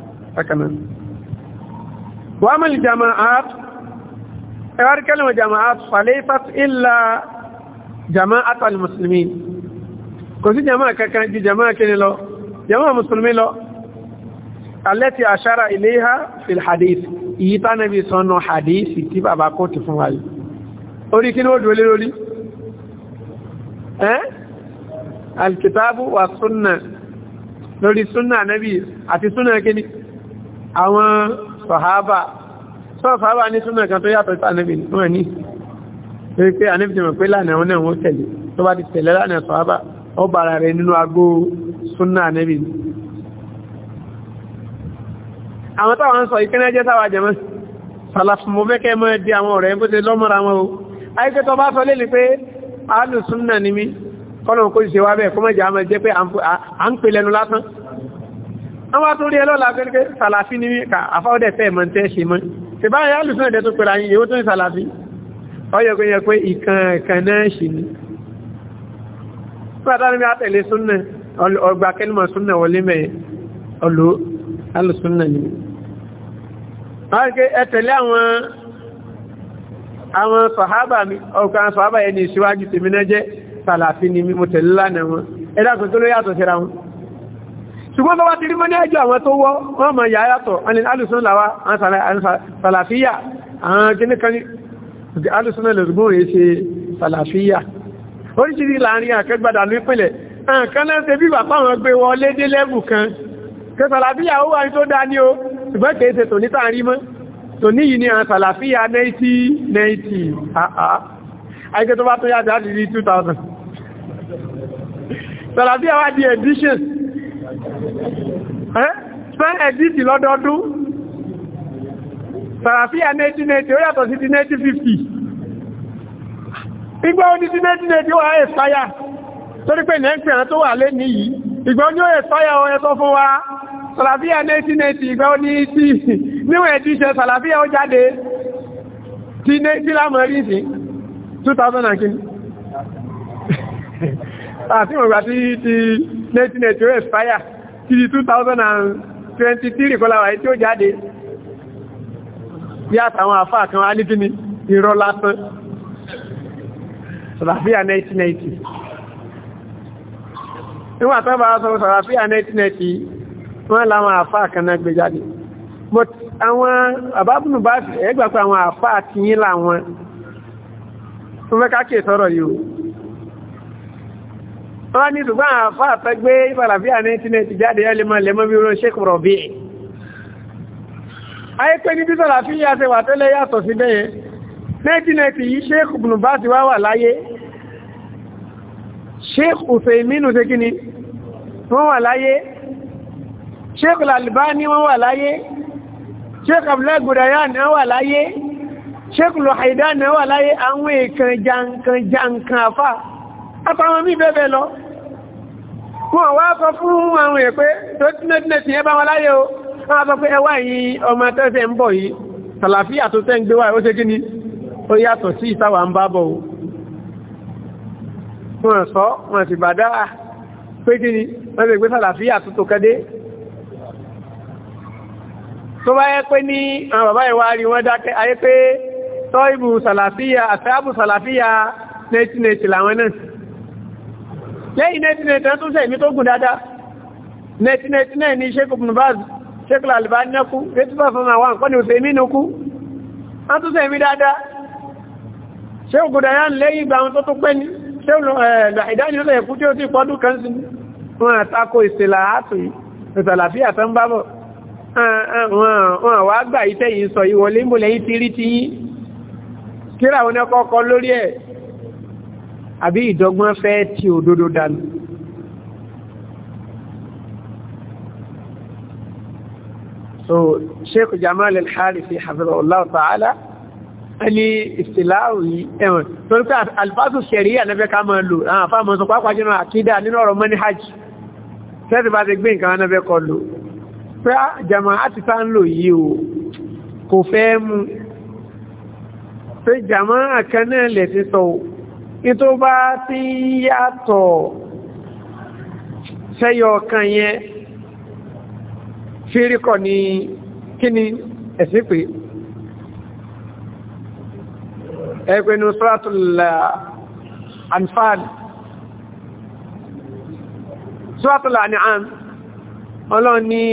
hakanan wa mal jama'at ẹwà rí kẹlẹ̀mọ̀ jama'at falaifat illa jama'at al-muslimin kò sí jama'a kankan ju jama'a kini lọ jama'a musulmi lọ alẹ́tì àṣára iléha fil hadith iyi tá nàbí sọ́nà hadith tí bàbá kó ti fún wáyé orí kí ní ó dúró lé lórí ẹ́ wa sunna lórí sunna nabi àti sunna kini àwọn sọ̀hábà sọ̀hábà ní súnà kan tó yàtọ̀ sí ànẹ́bì náà ní torí pé ànẹ́bì ti mọ̀ pé lánàá wọn náà wọ́n tẹ̀lé tó bá ti tẹ̀lé lánàá sọ̀hábà ó bára rẹ̀ nínú agbó súnà ànẹ́bì àwọn táwọn sọ mo fẹ́ kẹ́ mọ́ di àwọn ọ̀rẹ́ bó ti lọ́mọ́ra wọn o àìkẹ́ tó bá ní wọ́n wá tó rí ẹlọ́la pẹ́lẹ́kẹ́ sàlàfí ní ká àfáwọ́dẹ̀ fẹ́ mọ́ tẹ́ ṣe mọ́ ṣe bá yà lùsùn ẹ̀dẹ́ tó pẹ̀lá yìí tó ń sàlàfí ọyọ̀kọ́yẹ pé ìkànkan náà ṣe ní pàtàkì bí àtẹ̀lé súnnà ọgbà kẹ́lùmọ̀ súnnà wọlé mẹ́ ọlọ́ alùsúnnà ni ẹ̀tẹ̀lé àwọn àwọn sọ̀hábà mi ọkàn sọ̀hábà ẹni ìṣíwájú tèmi náà jẹ́ sàlàfí wọn ṣùgbọ́n bá bá ti rí mọ́ ní ẹjọ́ àwọn tó wọ́ wọ́n mọ̀ yà yàtọ̀ alìn alùsùn làwá sàlàfíyà àwọn gínìkan alùsùn lẹ́gbọ́n rẹ̀ ṣe sàlàfíyà oríṣìí láàrin àkẹgbàdà nípìnlẹ̀ nǹkan náà ṣe bí bàbá wọn gbé wọ lédé lẹ́bù kan kí sàlàfíyà ó wà ní tó dání o ṣùgbọ́n kìí ṣe tòní tàà rí mọ́ tòní yìí ni àwọn sàlàfíyà 1990 àà àìkẹ́ tó bá tó yá jáde ní 2000 sàlàfíyà wá di edition spend edit lọ́dọọdún sàràfíà 1980 ó yàtọ̀ sí ti 1950 igbó ó ní ti 1980 wà ẹ̀fáyà torí pé nẹ́ẹ̀kì àwọn tó wà lé ní yìí ìgbó ní ó ẹ̀fáyà ọ ẹ̀sọ́ fún wa sàràfíà 1980 ìgbó ní ti níwọ̀n ẹ̀díṣẹ́ sàràfíà ó jáde ti lámọ̀ rí sí 2019 àti ìwọ̀n ìgbà ti 1980 ó ẹ̀fáyà títí 2023 kọ́láwà tí ó jáde bí àtàwọn àfáà kan wá ní kíni irọ́ lásán sọ̀ràfíà 1990 níwà tó bá sọ sọ̀ràfíà 1990 wọ́n láwọn àfáà kan náà gbé jáde but àwọn àbábùnù bá ẹgbàpá àwọn àfáà ti yí láwọn fún mẹ́ká kìí sọ́rọ̀ yìí wọ́n ní ṣùgbọ́n àfá àfẹ́gbé ìfàlàfíà ní tínẹ̀tì jáde ẹlẹ́mọ̀ lẹ́mọ́ bí rán ṣékù rọ̀bí ayé pé ní bífàlàfíà ṣe wà tẹ́lẹ̀ yàtọ̀ sí bẹ́yẹn nẹ́tínẹ̀tì yìí ṣékù bùnú bá ti wá wà láyé ṣékù fèmínú ṣe kíni wọ́n wà láyé ṣékù làlìbáni wọ́n wà láyé ṣékù abúlẹ́gbòdàyàn wọ́n wà láyé ṣékù lọ̀hàìdán wọ́n wà láyé àwọn èèkàn jankan jankan àfà lọ wọ́n wá sọ fún àwọn èèyàn pé tó tínẹ́tínẹ́ ti ẹ bá wọn láyé o wọ́n sọ pé ẹwà yìí ọmọ tẹ́sẹ̀ ń bọ̀ yìí tàlàfíà tó tẹ́ ń gbé wá ó ṣe kíní ó yàtọ̀ sí ìsáwà ń bá bọ̀ wọ́n sọ wọ́n sì tó tó pé ní àwọn bàbá ìwà rí wọ́n dákẹ́ ayé pé tọ́ ìbù sàlàfíà àtàbù sàlàfíà 1990 làwọn náà lẹ́yìn 1999 tó sẹ̀mí tó gùn dáadáa 1999 ni sheik ibn baz sheik al-albani kú rétífà fún àwọn àkọ́ni òsèmí ní kú wọ́n tó sẹ̀mí dáadáa sheik gudayan lẹ́yìn ìgbà wọn tó eh, tó pẹ́ ní sheik ìdánilẹ̀ ẹ̀kú tí ó ti pọ́dún kan sí wọn àtakò ìsìlà àtùn ìsàlàfíà tó ń bábọ̀ wọn àwọn àgbà ìtẹ́yìn sọ àbí ìdọ́gbọ́n fẹ́ ti òdodo dànù so sheikh jamal al-harifi hafizahullah ta'ala ẹni ìsìláàrù yìí ẹ̀wọ̀n torí pé alfáàsù ṣẹ̀rí ànẹ́fẹ́ ká máa lò àwọn àfáà mọ́ sọ pàápàá jẹ́ àkídà nínú ọ̀rọ̀ mọ́ní hajj tẹ́sì bá ti gbé nǹkan ànẹ́fẹ́ kọ lò pé jama àti tá ń lò yìí o kò fẹ́ mú pé jama àkẹ́ náà ti sọ ìtò bá ti yàtọ̀ sẹ́yọ ọ̀kan yẹn fíríkọ̀ ni kí ni ẹ̀sìn pé ẹgbẹ́ inú suratul Anfal suratul An'am ọlọ́run ni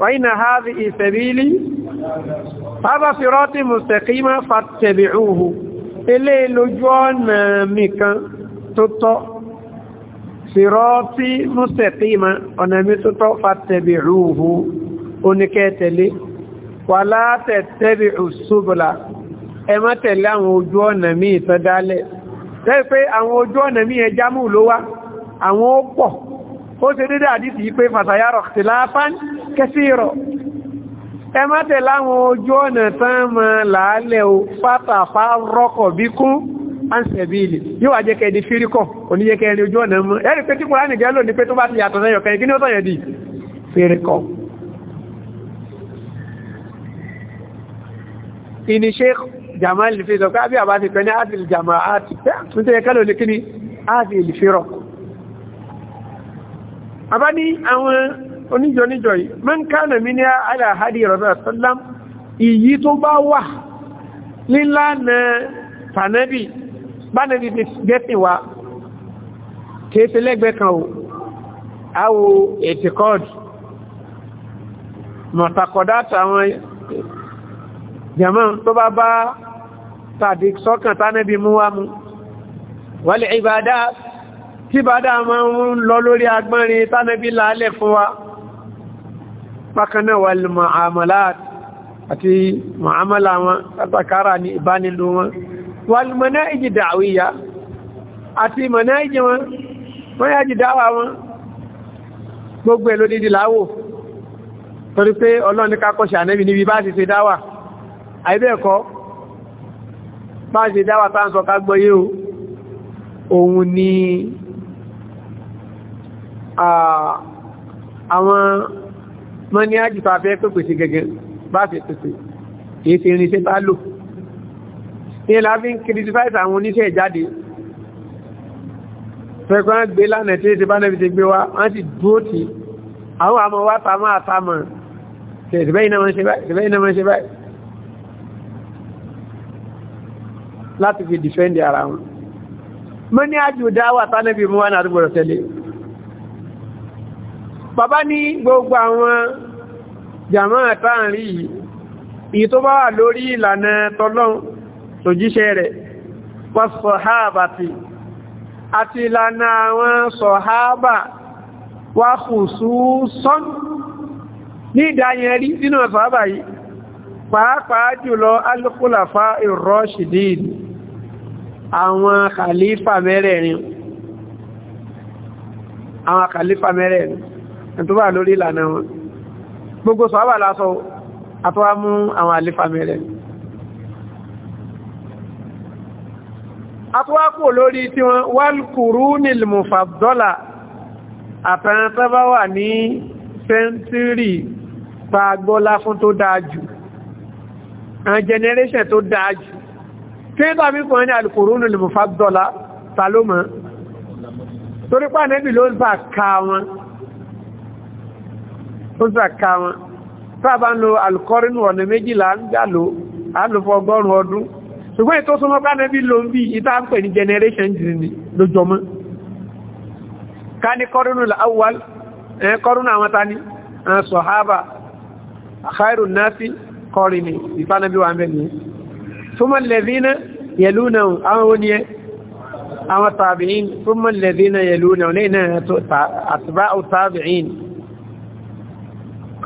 wàyínà hadhihi sabili fàbá sirati mustaqima fattabi'uhu ilé lójú ọ̀nà mi kan tó tọ́ sirati mustaqima ọ̀nà mi tó tọ́ fattabi'uhu oníkẹ́tẹ̀lé wala tattabi'u subula ẹ má tẹ̀lé àwọn ojú ọ̀nà mi ìtọ́dálẹ̀ lẹ́yìn pé àwọn mi ẹ jámù ló wá àwọn ó pọ̀ ó ṣe ẹ má tẹ̀ láwọn ojú ọ̀nà tán mọ́ làálẹ̀ o pátápá rọ́kọ̀ bí kún ánsẹ̀bíìlì yóò wá jẹ́ kẹ́ di fíríkọ̀ oníyẹ́kẹ́ ẹni ojú ọ̀nà mọ́ ẹ̀rí pé tí kùránì gẹ́ lónìí pé tó bá ti yàtọ̀ sẹ́yọ̀ kẹ́yìn ni ó tọ̀yẹ̀ di fíríkọ̀ ìní sheikh jamal fi sọ pé àbí àbá ti pẹ́ oníjọ níjọ yìí mẹ́ńkánà mi ní aláhàdì ìrọ̀sẹ̀ sọ́lám ìyí tó bá wà nílànà tànẹ́bì bánẹ́bì ti gẹ́sìn wa kéèsè lẹ́gbẹ́ kan o awo ètìkọ́ọ̀dù mọ̀tàkọ̀dá tàwọn jẹ̀mọ́ tó bá bá tàbí sọ́kàn tánẹ́bì mú wá mú wọlé ìbádá tí bádá máa ń lọ lórí agbọ́nrin tánẹ́bì lálẹ̀ fún wa bákaná wal muamalat àti muamala wọn látàkárà ní ìbánilò wọn wal manahij da'wiyya àti manahij wọn wọ́n yá jì dáwà wọn gbogbo èlò dídì láwò torí pé Ọlọ́run ní ká kọ́ ṣànẹ́bì níbi bá ti ṣe dáwà àìbẹ́ẹ̀kọ́ bá ṣe dáwà tá ń sọ ká gbọ́yé o òun ni àwọn mọ́ ní àjìfà fẹ́ pẹ̀pẹ̀ sí gẹ́gẹ́ bá fẹ́ pẹ̀pẹ̀ èyí ti rinṣẹ́ bá lò ní láàfin kìrìsìfáìsì àwọn oníṣẹ́ ìjáde fẹ́kọ́n gbé lánàá tí èsì bá nẹ́bí ti gbé wá wọ́n sì dúó tí àwọn àmọ́ wá tamọ́ àtamọ́ tẹ̀sìbẹ́yìn náà bàbá ní gbogbo àwọn jàmáà táàrí yìí èyí tó bá wà lórí ìlànà tọ́lọ́n tòjíṣẹ́ rẹ̀ wọ́sọ̀háàbàtì àti ìlànà àwọn sọ̀háàbà wà kù súúsán ní ìdáyẹrí sínú sọ̀háàbà yìí pàápàá jùlọ alukulafa irrashidin àwọn kàlífà mẹ́rẹ̀ẹ̀rin àwọn kàlífà gbogbo sọ́wà lásọ àtọwà mú àwọn àlífà mẹ́rẹ̀ àtọwà kò lórí tí wọ́n wálkùrú nìlmùfàdọ́là àtàntàbá wà ní sẹ́ńtírì pàgbọ́lá fún tó dáájú àwọn generation tó dáájú tí tàbí kan ní nẹ́bì ló ń bà ká wọn ó sàkà wọn sábà ń lo alukọ́rínù ọ̀nà méjìlá ń gbà lò alùfọ́ ọgọ́rùn ọdún ṣùgbọ́n ètò súnmọ́ bá nẹ́bí ló ń bí ìta ń pè ní generation jìnnì lójọmọ́ ká ní àwọn tani sọ̀hábà khairu nasi kọ́rínì ìfánàbí wa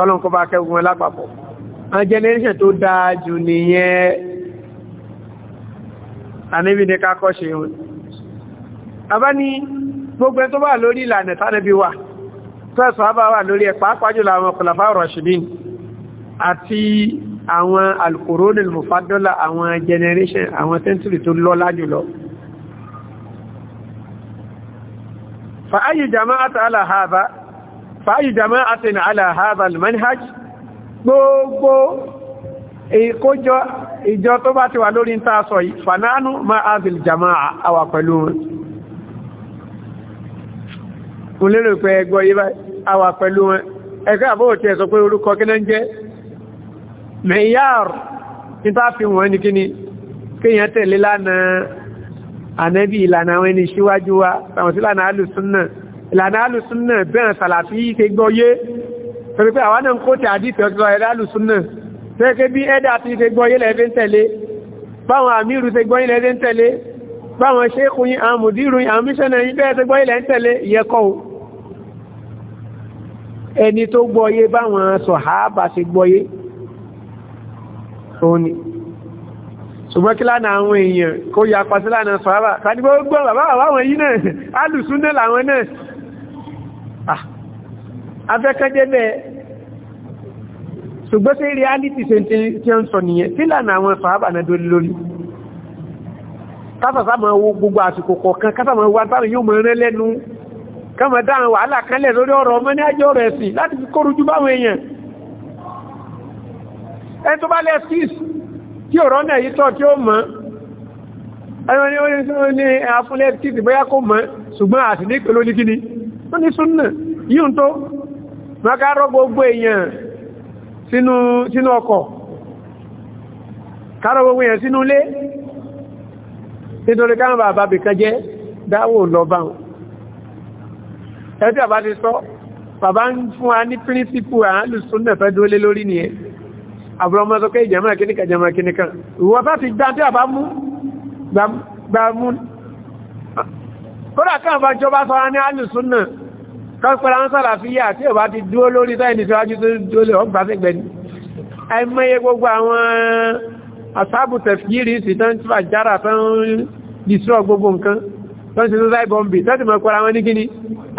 kọ́lọ̀n kó bá kẹ́gun wọn lápapọ̀ àwọn generation tó dáa jù nìyẹn àníbi ní kákọ́ ṣe wọn àbá ní gbogbo tó wà lórí ìlànà tánàbí wà tọ́ẹ̀sọ̀ àbá wà lórí ẹ̀ pàápàá jùlọ فأي جماعة على هذا؟ fàáyì jama atin ala hadhal manhaj gbogbo ìkójọ ìjọ tó bá ti wà lórí ń tàà sọ fanánú ma azil jama'a àwà pẹ̀lú wọn lérò pé ẹgbọ́ yíba àwà pẹ̀lú wọn ẹgbẹ́ àbóò tí ẹ̀sọ pé orúkọ kí náà jẹ́ mẹ́yàr títà fi wọ́n ní kíni ìlànà alùsùnnà bẹ́ẹ̀ sàlàfí ṣe gbọ́yé torí pé àwọn náà kó tí àdífẹ́ ọjọ́ ẹ̀dà alùsùnnà tẹ́ẹ̀kẹ́ bí ẹ́dà ti ṣe gbọ́yé lẹ́fẹ́ ń tẹ̀lé báwọn àmírù ṣe gbọ́yé lẹ́fẹ́ ń tẹ̀lé báwọn ṣékùn yí àwọn mùdírù àwọn míṣẹ́nà yí bẹ́ẹ̀ ṣe gbọ́yé lẹ́fẹ́ ń tẹ̀lé ìyẹn kọ́ ẹni ṣùgbọ́n kí lánàá àwọn èèyàn kó yapa sí lánàá sọ̀háàbà tàbí gbogbo bàbá náà alùsùnnà náà afẹ́kẹ́dẹ́bẹ̀ ṣùgbọ́n sí reality tí ó ń sọ nìyẹn tí lànà àwọn fàábà náà dórí lórí kásàsá ma wo gbogbo àsìkò kọ̀ọ̀kan kásà ma wá sáré yóò mọ̀ rẹ lẹ́nu kama dáhùn wàhálà kanlẹ̀ lórí ọ̀rọ̀ ọmọ ní ajọ́ rẹ̀ sí láti fi kó rújú báwọn èèyàn ẹ tó bá lẹ́ fíìs wọ́n ká rọ gbogbo èèyàn sínú ọkọ̀ kárọ gbogbo èèyàn sínú ilé nítorí káwọn bàbá bìkan jẹ́ dáwò lọ bá wọn ẹ̀tí àbá ti sọ bàbá ń fún wa ní píríncípù àálùsúnnà fẹ́ dúró lé lórí nìyẹn àbúrọmọ́sọ́kẹ́ ìjẹmọ́ kíníkà jẹmọ́ kíníkà ìwọ́n bá ti gbá kọ́pẹ́lá ń sára fi yà tí ò bá ti dúó lórí tẹ́ẹ̀ni síwájú tó dúó lè ọgbà fẹ́gbẹ̀ ní ẹmọ́ye gbogbo àwọn asáàbù tẹ̀fìyìrì sí tán tí fàjára tán dìsọ́ gbogbo nǹkan tán ti sọ́sáì bọ́m̀bì tẹ́tì mọ́ kọ́ra wọn ní gíní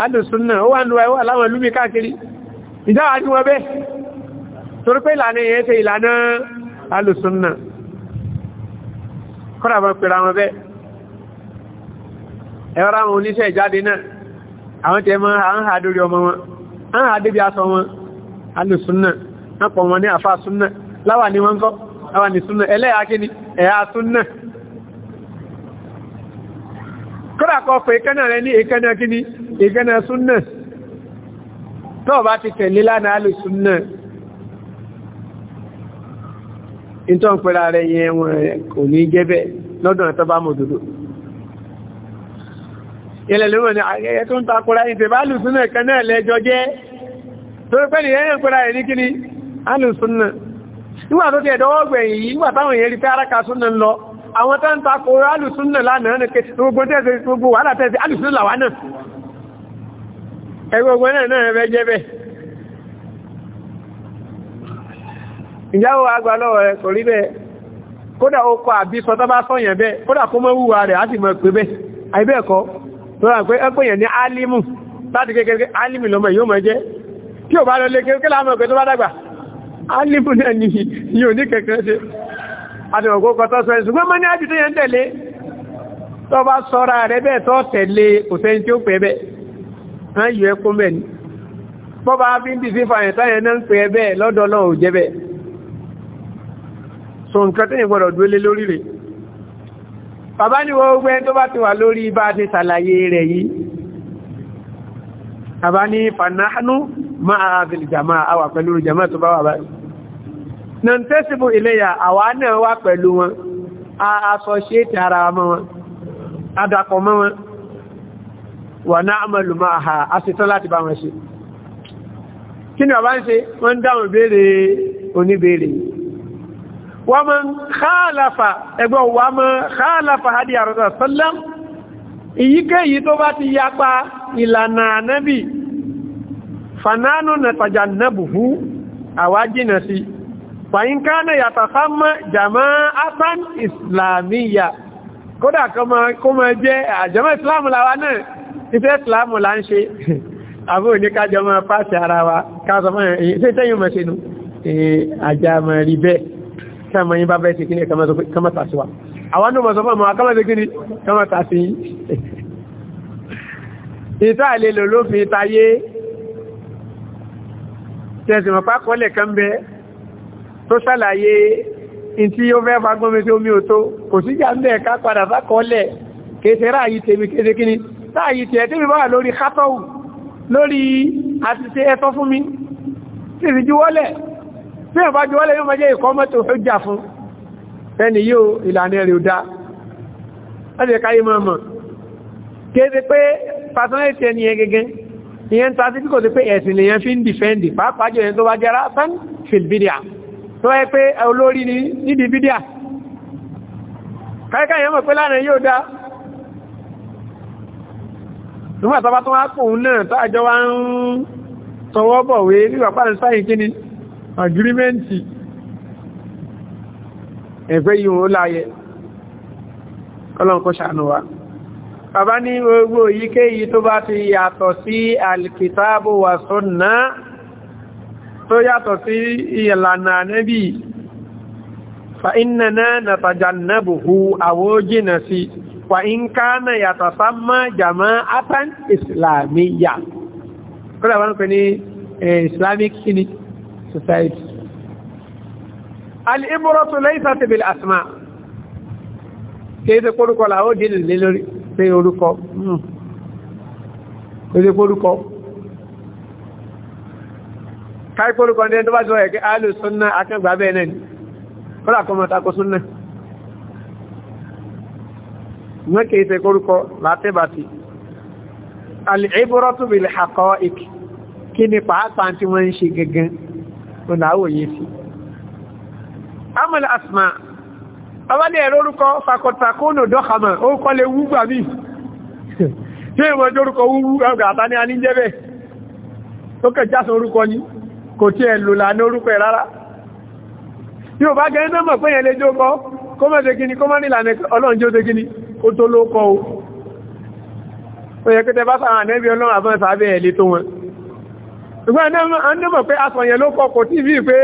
alùsùnà ó wà ń lọ láwọn lúmi káàkiri ìjáwà ní wọn bẹ́ torí pé ìlànà yẹn ṣe àwọn tẹ́ máa ń ha dórí ọmọ wọn ń ha débi aṣọ wọn alùsúnnà wọ́n pọ̀ wọn ní àfà súnnà láwà ní wọ́n kọ́ láwà ní súnnà ẹlẹ́yà ni ẹ̀yà súnnà kọ́dà kọ́ fẹ́ ìkẹ́nà rẹ ní ìkẹ́nà kí ni ìkẹ́nà súnnà tó bá ti tẹ̀lé lánàá alùsúnnà ìtọ́ ń pẹ́ra rẹ yẹn wọn kò ní ilẹ̀lẹ́wọ̀n ni ayẹyẹ tó ń takora ìtẹ̀ bá lùsùn náà kan náà jẹ́ tó pẹ́ ní ẹ̀yẹn pẹ́ra ní tó ti táwọn ara gbogbo tẹ́sẹ̀ gbogbo wàhálà tẹ́sẹ̀ làwà náà ẹgbẹ́ ogun náà náà ìyáwó lọ́wọ́ kò rí bẹ́ẹ̀ kódà ó kọ àbí sọ bẹ́ẹ̀ kódà kó mọ́ wúwa rẹ̀ á sì bẹ́ẹ̀ tó rà pé ẹgbẹ̀yàn ní alimu láti kékeré alimu lọ́mọ yóò mọ̀ jẹ́ kí o bá lọ lé kékeré láàmọ̀ pé tó bá dàgbà alimu náà ni yóò ní kẹ̀kẹ́ ṣe adìmọ̀gbó kọtọ́ sọ ẹ̀sùn gbọ́mọ́ ní ájú tó yẹn tẹ̀lé tó bá sọ́ra rẹ̀ bẹ́ẹ̀ tó tẹ̀lé kò sẹ́yìn tí ó pẹ́ bẹ́ẹ̀ wọ́n yọ ẹkún bẹ́ẹ̀ ni bọ́ bá bí ń bí sí fàyẹ̀ táyẹ̀ náà ń pẹ́ bẹ́ẹ̀ lọ́dọ̀ náà ò jẹ́ bẹ́ẹ̀ so nǹkan tẹ́yìn gbọ́dọ̀ dúró lé lórí rẹ̀ bàbá ní gbogbo ẹni tó bá ti wà lórí bá ti sàlàyé rẹ̀ yìí bàbá ní fanahanu máa bìlì jama àwà pẹ̀lú jama tó bá wà báyìí na ń tẹ́sìbò iléyà àwa náà wà pẹ̀lú wọn a aṣọ ṣe tààrà mọ́ wọn adàpọ̀ mọ́ wọn wà náà ha a sì tán láti bá wọn ṣe kí ni bàbá ń ṣe wọ́n khalafa ẹgbẹ́ wọ́n khalafa hadi àrùsà sallam ìyíkéyìí tó bá ti yapa ìlànà ànábì fanánù nàtàjà nàbùhú àwájínà sí fàyínká náà yàtà sámá jàmá asan islamiyya kódà kó mọ jẹ́ àjọmọ́ islamu láwa náà ìfẹ́ islamu là ń ṣe àbú oníkájọmọ́ pàṣẹ ara wa káàkiri tẹ́yìn mọ̀ sínú àjàmọ̀ rí bẹ́ẹ̀ tí a mọ̀ yí bá bẹ́ẹ̀ ti kí ní kama tàṣíwá àwọn ní ọmọ sọfọ́ mọ̀ akọ́mọ̀ sí kí ní kama tàṣí ìta àlè lò ló fi tayé tẹ̀sìmọ̀ pákọ́lẹ̀ kan bẹ tó ṣàlàyé in tí ó fẹ́ fagbọ́n mi tí omi ò tó kò sí jà ń bẹ̀ ká padà fákọ́lẹ̀ kéte ráàyí tèmi kéte kí ní ráàyí tẹ̀ tèmi bá lórí kátọ́wù lórí àti ṣe ẹ̀tọ́ fún mi sì fi juwọ́lẹ̀ bí wọ́n bá juwọ́lẹ̀ yóò máa jẹ́ ìkọ́ mọ́tò hujja fún ẹni yóò ìlànà rẹ̀ dá ọdẹ̀ káyé máa mọ̀ kéèdè pé personality ẹni yẹn gẹ́gẹ́ ìyẹn tàbí kò sí pé ẹ̀sìn lèyàn fi ń dìfẹ́ndì pàápàá jẹ́ ẹni tó bá jẹ́ra sán fìlbídíà tó ẹ pé olórí ni nídi bídíà káyíká yẹn mọ̀ pé lánàá yóò dá nígbàtọ́bá tó wá pòun náà tó àjọ wá ń tọwọ́ bọ̀wé nígbàpá agirimenti ẹ̀fẹ́ yìí ó láyẹ ọlọ́nkọ́ ṣàánú wa bàbá ní gbogbo yíkéyìí tó bá ti yàtọ̀ sí alkitabu wa sunna tó yàtọ̀ sí ìlànà nẹ́bí fa inna na na tajannabuhu awojina si wa in kana yatasamma jama'atan islamiyya kọ́lá wọn pẹ̀ ní eh, islamic clinic society al'ibratu laysat bil asma kéde kórúkọ làwọn dínì lé lórí pé orúkọ hmm. kéde kórúkọ káì kórúkọ ní ẹni tó bá jọ ẹ̀kẹ́ alù súnnà akẹgbà bẹ́ẹ̀ náà ni kọ́lá kọmọ̀ta kó súnnà wọ́n kìí tẹ kórúkọ látẹ́bàtì bil haqa'iq kí ni pàápàá tí wọ́n onáwòye sí amọ̀lá asma ọwọ́lẹ̀ ẹ̀rọ orúkọ fakọtakónò dọ́kàmà ó kọ́ lè wú gbà mí tí èmọ̀ jẹ́ orúkọ wúwú ọgbàtà ní aníjẹ́bẹ̀ tó kẹjásọ orúkọ ní kò tí ẹ lò lánà orúkọ ẹ̀ rárá tí ò bá gẹ́ nọ́mọ̀ pé yẹn lè jó kọ́ kó mọ́ ṣe gini kó mọ́ nílànà ọlọ́run jó ṣe gini ó tó ló kọ́ o ó yẹ kí tẹ bá sáwọn ànẹ́bí ọlọ́run àbọ́n sábẹ́ ẹ̀ lé tó wọn ṣùgbọ́n anímọ̀ pé aṣọ yẹn ló kọ kò tí bí pé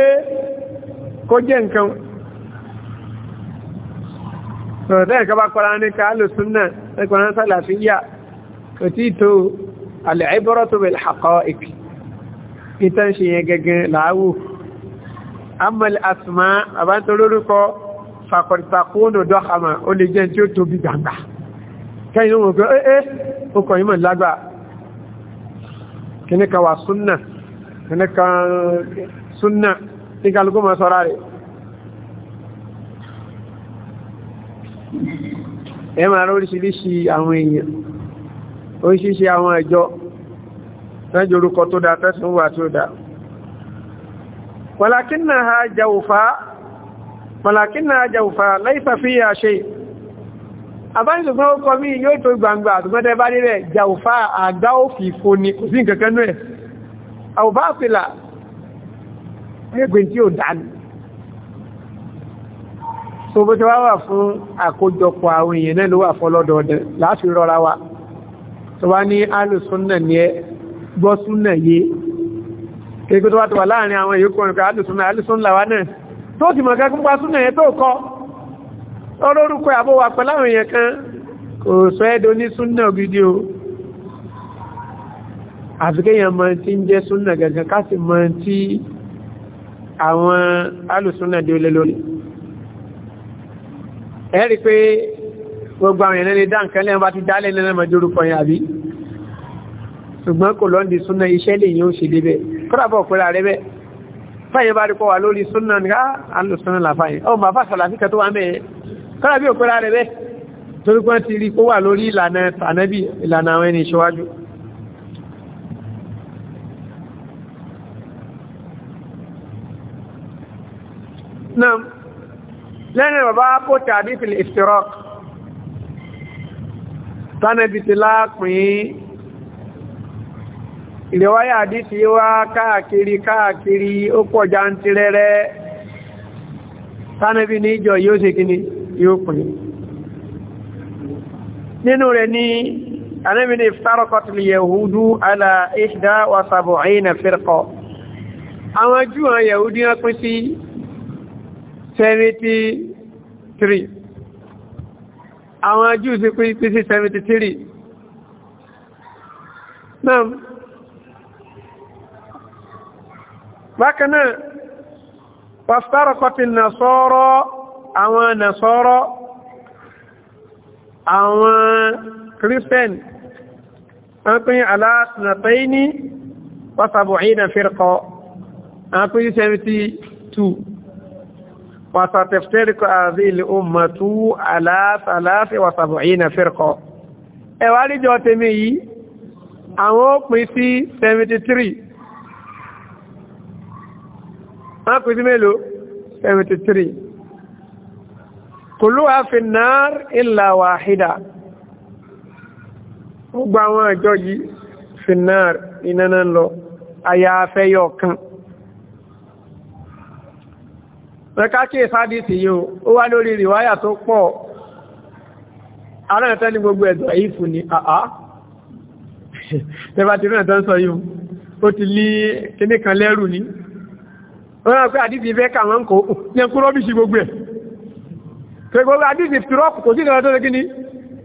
kó jẹ́ nǹkan ṣọ̀rọ̀dẹ́ ìkọba kọ́ra ní káàlù súnnà ẹgbẹ̀rún sálàfíyà kò tí tó alẹ́ẹ̀bọ́rọ̀ tó bẹ̀rẹ̀ àkọ́ ìpì ìtàn ṣe yẹn gẹ́gẹ́ láàwù amẹ́lẹ̀ asùmá àbántorórúkọ fàkọ̀tàkónù dọ́kàmà ó lè jẹ́ tí ó tóbi gbàgbà kẹ́yìn ó mọ̀ pé ẹ́ eh, ẹ́ eh, ó kọ̀ yí mọ̀ lágbàá kíní kan wà súnà kíní kan súnà ní kálukú mọ́ sọ́ra rẹ̀ ẹ máa rán oríṣiríṣi àwọn èèyàn oríṣiríṣi àwọn ẹjọ́ tẹ́jọ orúkọ tó dá tẹ́sùn wà tó dá walakinnaha jawfa walakinnaha jawfa laysa fiha àbájúgbọ́n ó kọ mí yóò tó gbangba àtùgbọ́tẹ́ bá nílẹ̀ jàùfà àgbá òfì fò ní kò sí nǹkan kanú ẹ̀ àwòbá àpìlà ẹgbẹ̀ tí ó dánù so bó ti wá wà fún àkójọpọ̀ àwọn èèyàn náà ló wà fọ́lọ́dọọdẹ láti rọra wa tó wá wà láàrin àwọn èèyàn kọrin ká alùsúnnà alùsúnnà náà tó ti mọ̀ kẹ́kún súnnà yẹn tó kọ́ ọ̀rọ̀ orúkọ àbọ̀wà pẹ̀láwọn èèyàn kan kò sọ ẹ́dọ ní súnnà gidi o àfikẹ́yàn mọ́ tí ń jẹ́ súnnà gẹ̀gẹ̀ káàsì mọ́ tí àwọn alùsúnnà dé olè lórí ẹ̀rí pé gbogbo àwọn èèyàn lè dá nǹkan lẹ́yìn bá ti dálẹ̀ lẹ́nà mọ́jú orúkọ yẹn àbí ṣùgbọ́n kò lọ́ndì súnnà iṣẹ́ lè yíó ṣe débẹ̀ kọ́dàbọ̀ pẹ̀lá rẹ̀ wà lórí kọ́lá bí òpẹ́ra rẹ̀ bẹ́ẹ̀ torí pé ti rí kó wà lórí ìlànà ànábì ìlànà àwọn ẹni ìṣọ́wájú náà lẹ́yìn bàbá kó tàbí fìlì ìfìrọ́k tánàbì ti láàpín ìrẹ̀wáyà àdífi wá káàkiri káàkiri ó pọ̀ jantirẹrẹ tánàbì ní ìjọ yóò ṣe kìíní yóò pè nínú rẹ̀ ní anẹ́bìnì ìfitarakọtìlì yahudu ala ihda wa sabu'ina firqa àwọn jù àwọn yahudu yán pín sí 73 àwọn jù sí pín sí 73 náà bákanáà wàfitarakọtìlì nasara àwọn nàṣọ́rọ́ àwọn christian wọ́n pín aláàtìnàtẹ́ ní wọ́sàbò ìdà fírkọ́ wọ́n pín 72 wọ́sàtẹ̀fẹ́ríkọ àzí ilẹ̀ ummatu aláàtàláfẹ́ wọ́sàbò ìdà fírkọ́ ẹwà ríjọ tẹ́mẹ́ yìí àwọn ó pín sí 73 wọ́n pín sí mélòó 73 kùlúwà fi náà ìlà wàhídà gbogbo àwọn àjọ yìí fi náà ìnáná lọ àyàfẹ́ yọ kan rẹ̀kákí ìsádìsì yóò ó wá lórí rìwáyà tó pọ̀ ara ẹ̀tẹ́ ní gbogbo ẹ̀dọ̀ ìfù ni àá tẹbàtí rẹ̀ tán sọ yóò ó ti lé kíníkan lẹ́rù ní wọ́n rẹ̀ pé àdìsì fẹ́ kà wọ́n kò ní ẹkú rọ́bìṣì gbogbo ẹ̀ fẹ́gbọ́ adíjì fìrọ́pù kò sí ìrìnà tó gíní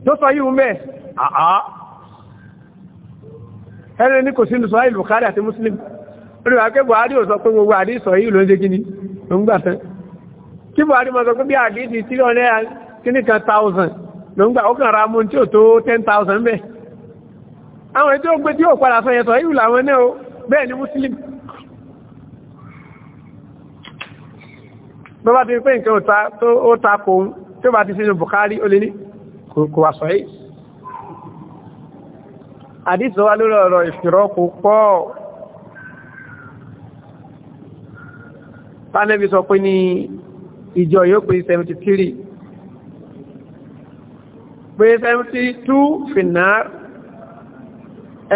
tó sọ yíò mẹ́ àá ẹni ní kò sínú sọ ìlú kárí àti muslim olùwà pé buhari ò sọ pé gbogbo àdí sọ yíò ló ń jẹ́ gíní ló ń gbàfẹ́ kí thousand ló ń gbà ten thousand bẹ́ẹ̀ àwọn ètò ògbé tí ò padà sọ yẹn sọ yíò ni muslim bó bá ti pé nǹkan ó ta kò tí ó bá ti sínú Bukhari ó lè ní kò wà sọ yìí àdísọ wá lórí ọ̀rọ̀ ìfìrọ́ kò pọ̀ tánẹ́bí sọ pé ní ìjọ yóò pé 73 pé 72 fìnnà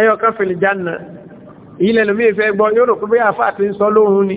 ẹyọkan fìlìjánà ìyílẹ̀lómí ìfẹ́ gbọ́ yóò rò pé bí àfáà ti ń sọ lóhun ni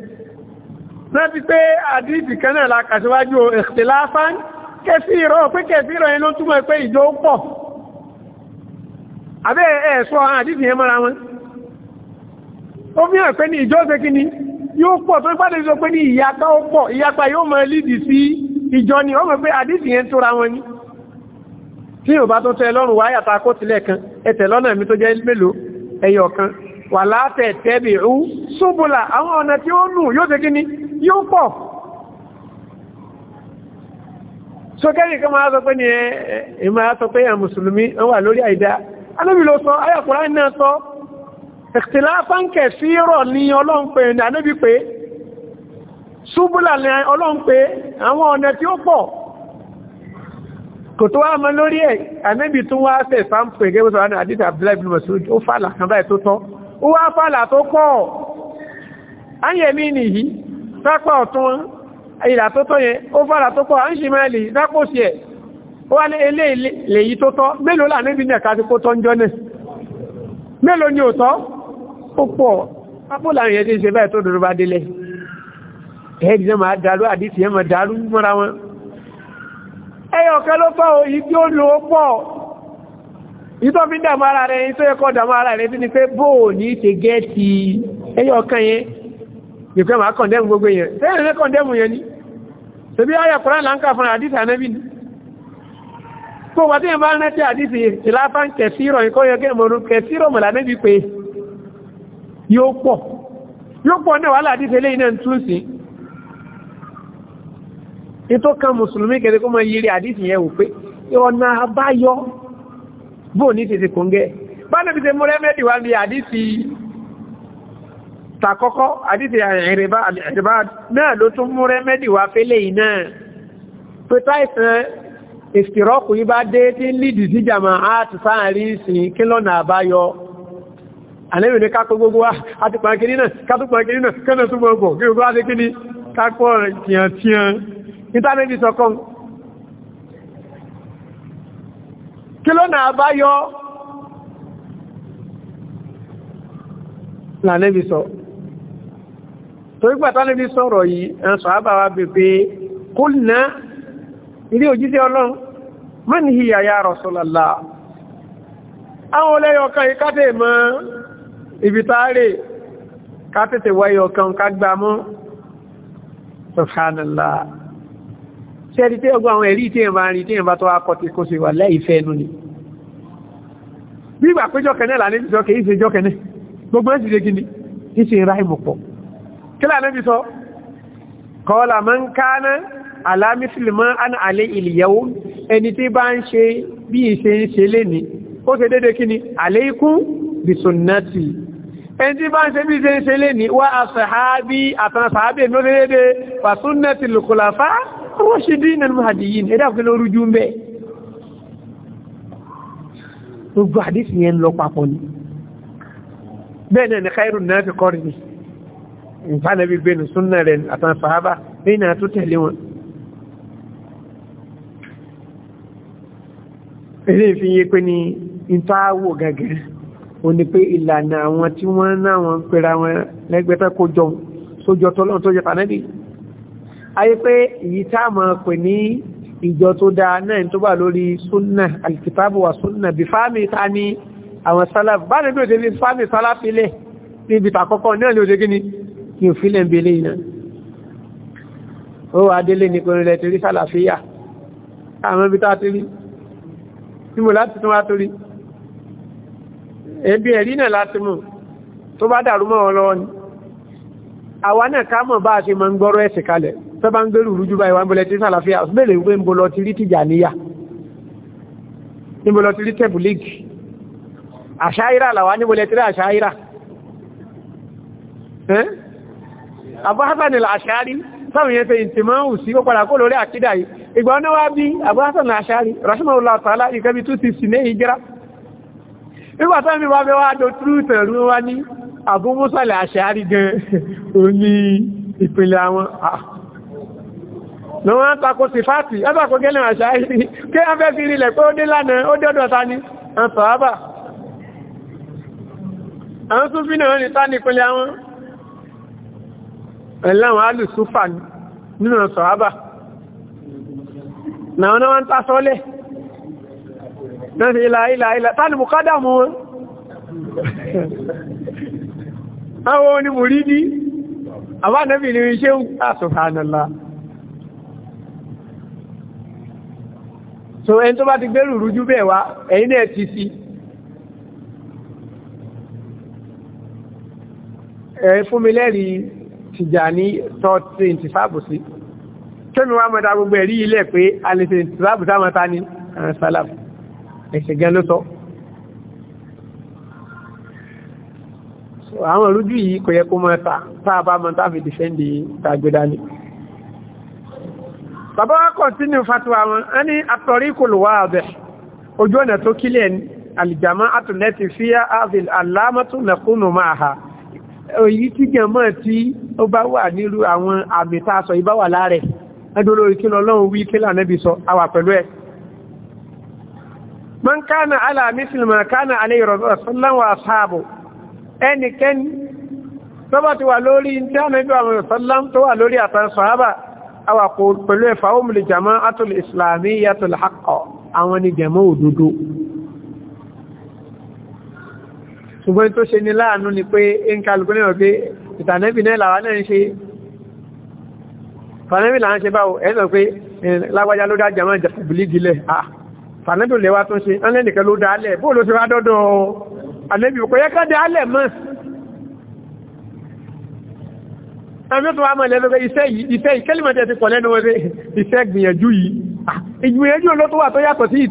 rántí pé àdíìtì kan náà lákàṣíwájú ìtìláfán kẹfí ìrọ̀ pé kẹfí ìrọ̀ inú túnmọ̀ pé ìjọ pọ̀ abẹ́ ẹ̀ẹ́sọ́ àdíìtì yẹn mọ́ra wọn ó fi hàn pé ní ìjọ ṣe kíní yóò pọ̀ tó pàdé sọ pé ní ìyapa ó pọ̀ ìyapa yóò mọ̀ lídì sí ìjọ ni ó mọ̀ pé àdíìtì yẹn tóra wọn ni tí yóò bá tó tẹ lọ́rùn wáyà ta kó tilẹ̀ kan ẹ̀tẹ̀ lọ́nà mi tó jẹ́ mélòó ẹ̀yọ̀ kan wà látẹ̀ tẹ́bì rú àwọn ọ̀nà tí ó nù yóò ṣe kíní yóò pọ̀ so kẹ́rì kan máa sọ pé ní ẹ̀mà sọ pé ẹ̀yà mùsùlùmí wọ́n wà lórí àìdá anábì ló sọ ayàkùnrà náà sọ ikhtilafan kaseera ní ọlọ́ǹpẹ̀ ní anábì pé ṣúbùlà ní ọlọ́ǹpẹ̀ àwọn ọ̀nà tí ó pọ̀ kò tó wá mọ́ lórí ẹ̀ anábì tún wá fẹ́ sáǹpẹ̀ gẹ́gbẹ́sọ̀ sápá ọ̀tún wọn ìlà tó tọ́ yẹn ó fara tó kọ́ àń ṣe mẹ́lì dápòsí ẹ̀ ó wá ní ilé lèyí tó tọ́ mélòó là níbi ní ẹ̀ka ti kó tọ́ ń jọ náà mélòó ni ò tọ́ ó pọ̀ apóla yẹn ti ṣe bẹ́ẹ̀ tó dòdó bá délẹ̀ ẹ̀ẹ́dì náà máa dàrú àdìsí ẹ̀ máa dàrú mọ́ra wọn ẹyọ ọ̀kẹ́ ló fọ́ òyí tí ó lò ó pọ̀ ìtọ́ fi dàmú ara rẹ̀ ìtọ́ ẹ̀kọ́ dàmú ara rẹ̀ tí ni pé bóò ní ṣe gẹ́ẹ̀tì ẹyọ ọ̀kan yẹn nìkan máa kọ̀ndẹ́mù gbogbo yẹn tẹ́lẹ̀ ní kọ̀ndẹ́mù yẹn ni tẹ́bí ayà kùrán là ń kà fún àdísì ànẹ́bì ni tó wà tí yẹn bá ń rántí àdísì ìlàfà ń kẹsírọ̀ ìkọ́yọkẹ́ mọ̀rún kẹsírọ̀ mọ̀lánẹ́bì pé yóò pọ̀ yóò pọ̀ ní wàhálà àdísì eléyìí náà ń tún sí ètò kan mùsùlùmí kẹ́lẹ́ kó mọ yiri àdísì yẹn wò tàkọ́kọ́ àdífì àìrìbá náà ló tún mú rẹ́mẹ́dì wá fẹ́lẹ̀ yìí náà pé táìsàn ìfìrọ́kù yí bá dé tí ń lìdì sí jàmà áàtì sáàrí sí kí lọ́nà àbáyọ àlẹ́bì ní kápọ̀ gbogbo wá àti pàkiri náà kápọ̀ pàkiri náà kẹ́nà tó gbogbo kí gbogbo wá sí kí torí pàtà lè ní sọ̀rọ̀ yìí ẹn sọ àbáwá bèbè kó nà ilé òjíṣẹ́ ọlọ́run má ní hìyà ya Rasulullah àwọn olẹ́yọkan yìí kátẹ̀ mọ́ ibìtàárè kátẹ̀tẹ̀ wáyọkan kágbàmọ́ Subhanallah ṣẹ́rí tí ọgbọ́ àwọn ẹ̀rí tí ẹ̀mà rí tí ẹ̀mà tó akọ ti kó ni bí ìgbà péjọ́kẹ́ gbogbo ẹ̀sì lé gini ìṣẹ́ ìráìmù pọ̀ kílà náàbí sọ kọ́ọ̀lá mọ́ ń ká náà alámísìlìmọ́ án alẹ́ ìlìyàwó ẹni tí bá ń ṣe bí ìṣe ń ṣe lè ní ó ṣe dédé kí ni alaykum bi sunnati ẹni tí bá ń ṣe bí ìṣe ń ṣe lè ní wá asàhábí gbogbo àdísì lọ papọ̀ ni bẹ́ẹ̀ náà ni khairun náà fi kọrin ni ìfànàbí gbénu súnnà rẹ̀ àtàn sàhábà nínú àtú tẹ̀lé wọn ilé ìfi yé pé ní ìtàwò gẹ́gẹ́ o ní pé ìlànà àwọn tí wọ́n náà wọ́n pèrà wọn lẹ́gbẹ́fẹ́ kó jọ sójọ tọ́lọ́n tó jẹ fànàbí ayé pé èyí tá mọ̀ pè ní ìjọ tó dáa náà tó wà lórí súnnà alkitabu wa súnnà bí fáàmì ta ní àwọn sálàf bá níbi òde ní fáàmì sálàf ilé níbi tàkọ́kọ́ náà ní òde gíní kí n fílẹ̀ ń belé iná ó wà délé ní pẹ̀lú ilẹ̀ torí sàlàfíyà àwọn ibi tàà torí tí mo láti tún wá torí ẹbí ẹ̀rí náà láti mọ̀ tó bá dàrú mọ́ wọn lọ́wọ́ ni àwa náà ká mọ̀ bá a ṣe mọ́ ń gbọ́rọ̀ ẹ̀sìn kalẹ̀ tó bá ń gbèrú rújú bá ìwà ìbọ̀lẹ̀ tí sàlàfíà bèèrè wípé ń bọ̀lọ̀ ti rí tìjàníyà níbọ̀lọ̀ ti rí tẹ̀bùlíkì àṣáírà làwà níbọ̀lẹ̀ ti rí àṣáírà Abu Hasan al-Ash'ari sáwọn yẹn fẹ́ ìtìmọ́hù sí ó padà kó lórí àkídà yìí ìgbà ọ̀nà wá bí Abu Hasan al-Ash'ari rahimahullah ta'ala ìkẹ́bí 260 ní ìjírá nígbà tó mi wá fẹ́ ní Abu Musa al-Ash'ari gan ó ní ìpìlẹ̀ àwọn ní wọ́n tako sífàtì ẹbà kò gẹ́lẹ̀ àṣáyí kí wọ́n fẹ́ fi rílẹ̀ pé ó dé lánàá ó ní ọ̀sọ̀ ní ìpìlẹ̀ àwọn ẹ̀láwọn alùsúfà nínú sọ̀hábà náà náà ń tasọ́lẹ̀ náà sí ilá ilá ilá tánì bukádà mú wọn àwọn ni mùrídí àbánẹ́bì ni iṣẹ́ àsùfàánàlá so ẹni tó bá ti gbẹ́rù rújú bẹ́ẹ̀ wá ẹ̀yin náà ti sí ẹ̀ fún mi lẹ́rìí Tìjàní tọ́ ti ìntìfàbù sí tẹ́mi wá mọ́ta gbogbo ẹ̀rí ilẹ̀ pé a lè ṣe ìntìfàbù sáwọn ta ni àwọn sálàmù ẹ̀ṣẹ̀ gan ló sọ àwọn olójú yìí kò yẹ kó mọ́ ta táà bá mọ́ táà fi dìfẹ́ndì tàgbédá ni bàbá wa kọ̀tínú fatuwa wọn a ní àtọ̀rí kò lò wá àbẹ̀ ojú ọ̀nà tó kílẹ̀ alìjàmá àtúnlẹ́tì fíyà àfil alámọ́tún nàkúnnù máa ha òyí tí jẹmọ́ tí ó bá wà nírú àwọn àmì tá a sọ yìí bá wà láàrẹ ẹdúró ìkílọ ọlọ́run wí kílà nẹ́bí sọ àwà pẹ̀lú ẹ̀ man kánà ala misli ma kánà alayhi rasulullah wa ashabu ẹnikẹ́ni tó bá ti wà lórí ṣùgbọ́n tó ṣe ní láàánú ni pé ń kálùkú náà pé ìtànẹ́bì náà làwà náà ń ṣe fànẹ́bì là ń ṣe báwo ẹ̀nà pé lágbàjá ló dá jàmọ́ ìjàpùbìlì gílẹ̀ fànẹ́bì lè wá tún ṣe ánlẹ́nìkan ló dálẹ̀ bóò ló ti wá dọ́dọ̀ ànẹ́bì kò yẹ ká dálẹ̀ mọ́ ẹ̀mí tó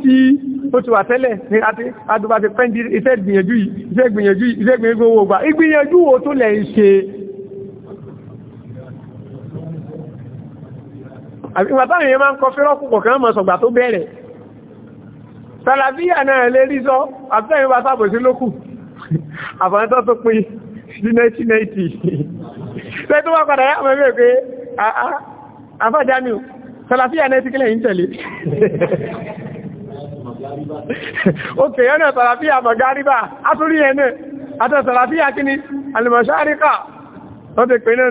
tó ti wà tẹ́lẹ̀ ní àti àdúgbà ti pẹ́ ní iṣẹ́ ìgbìyànjú yìí iṣẹ́ ìgbìyànjú yìí iṣẹ́ ìgbìyànjú owó gbà ìgbìyànjú wo tó lẹ̀ ń ṣe ìgbà táwọn èèyàn máa ń kọ fẹ́rọ́kù kọ̀ọ̀kan mọ̀ sọ̀gbà tó bẹ̀rẹ̀ sàlàbíyà náà lè rí sọ àtẹ́yìn bá sábò sí lókù àbáńtọ́ tó pín ní 1990 tẹ́ tó wá padà yá mọ̀ mẹ́ pé àfájáníù sàlàbíyà náà ti kílẹ̀ yìí tẹ̀lé òkè yẹn náà sàlàfíà mọ̀gáríbà átúrí yẹn náà àti sàlàfíà kí ni alìmọ̀ṣáríkà ó ti pè náà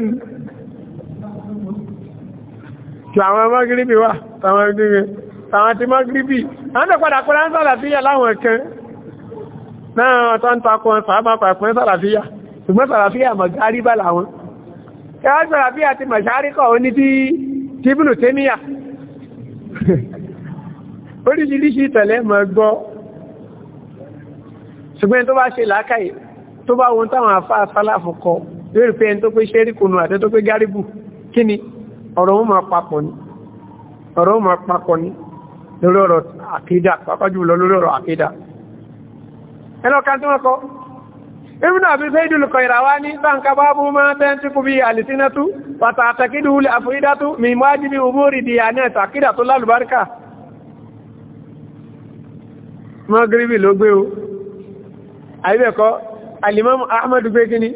tí àwọn mọ́gíríbì wà tàwọn tí mọ́gíríbì àwọn tó padà kọ́lá ń sàlàfíà láwọn kan náà tó ń takọ̀ sàábà pàpẹ́ sàlàfíà ṣùgbọ́n sàlàfíà oríṣiríṣi ìtẹ̀lẹ́ mọ̀ gbọ́ ṣùgbọ́n tó bá ṣe làákàyè tó bá wọn táwọn àfáà sálàfù kọ lórí pé ẹni tó pé ṣẹ́rí kùnù àti tó pé gáríbù kí ni ọ̀rọ̀ wọn máa papọ̀ ni ọ̀rọ̀ wọn máa papọ̀ ni lórí ọ̀rọ̀ àkídà pàpàjù lọ lórí ọ̀rọ̀ àkídà ẹlọ́ka tí wọ́n kọ́ ibùdó àbí fẹ́ẹ̀dù lùkọ̀ ìràwá ní magribi ló gbé o àìbẹ̀kọ́ alimam ahmad gbé gini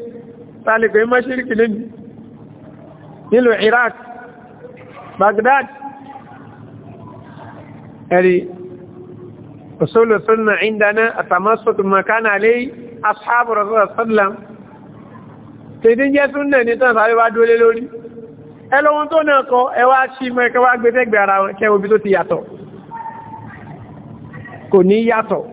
tàlẹ̀kọ́ imá ṣíríkì lónìí nílùú iraq baghdad ẹ̀rí usulu sunna indana atamasuk makana alai ashabu rasulullah sallam tèdí jẹ́ sunna ní tán sáré wá dúró lé lórí ẹlọ́wọ́n tó náà kọ ẹwà ṣí mọ́ gbẹ́tẹ́gbẹ̀ ara wọn bí tó ti yàtọ̀ kò ní yàtọ̀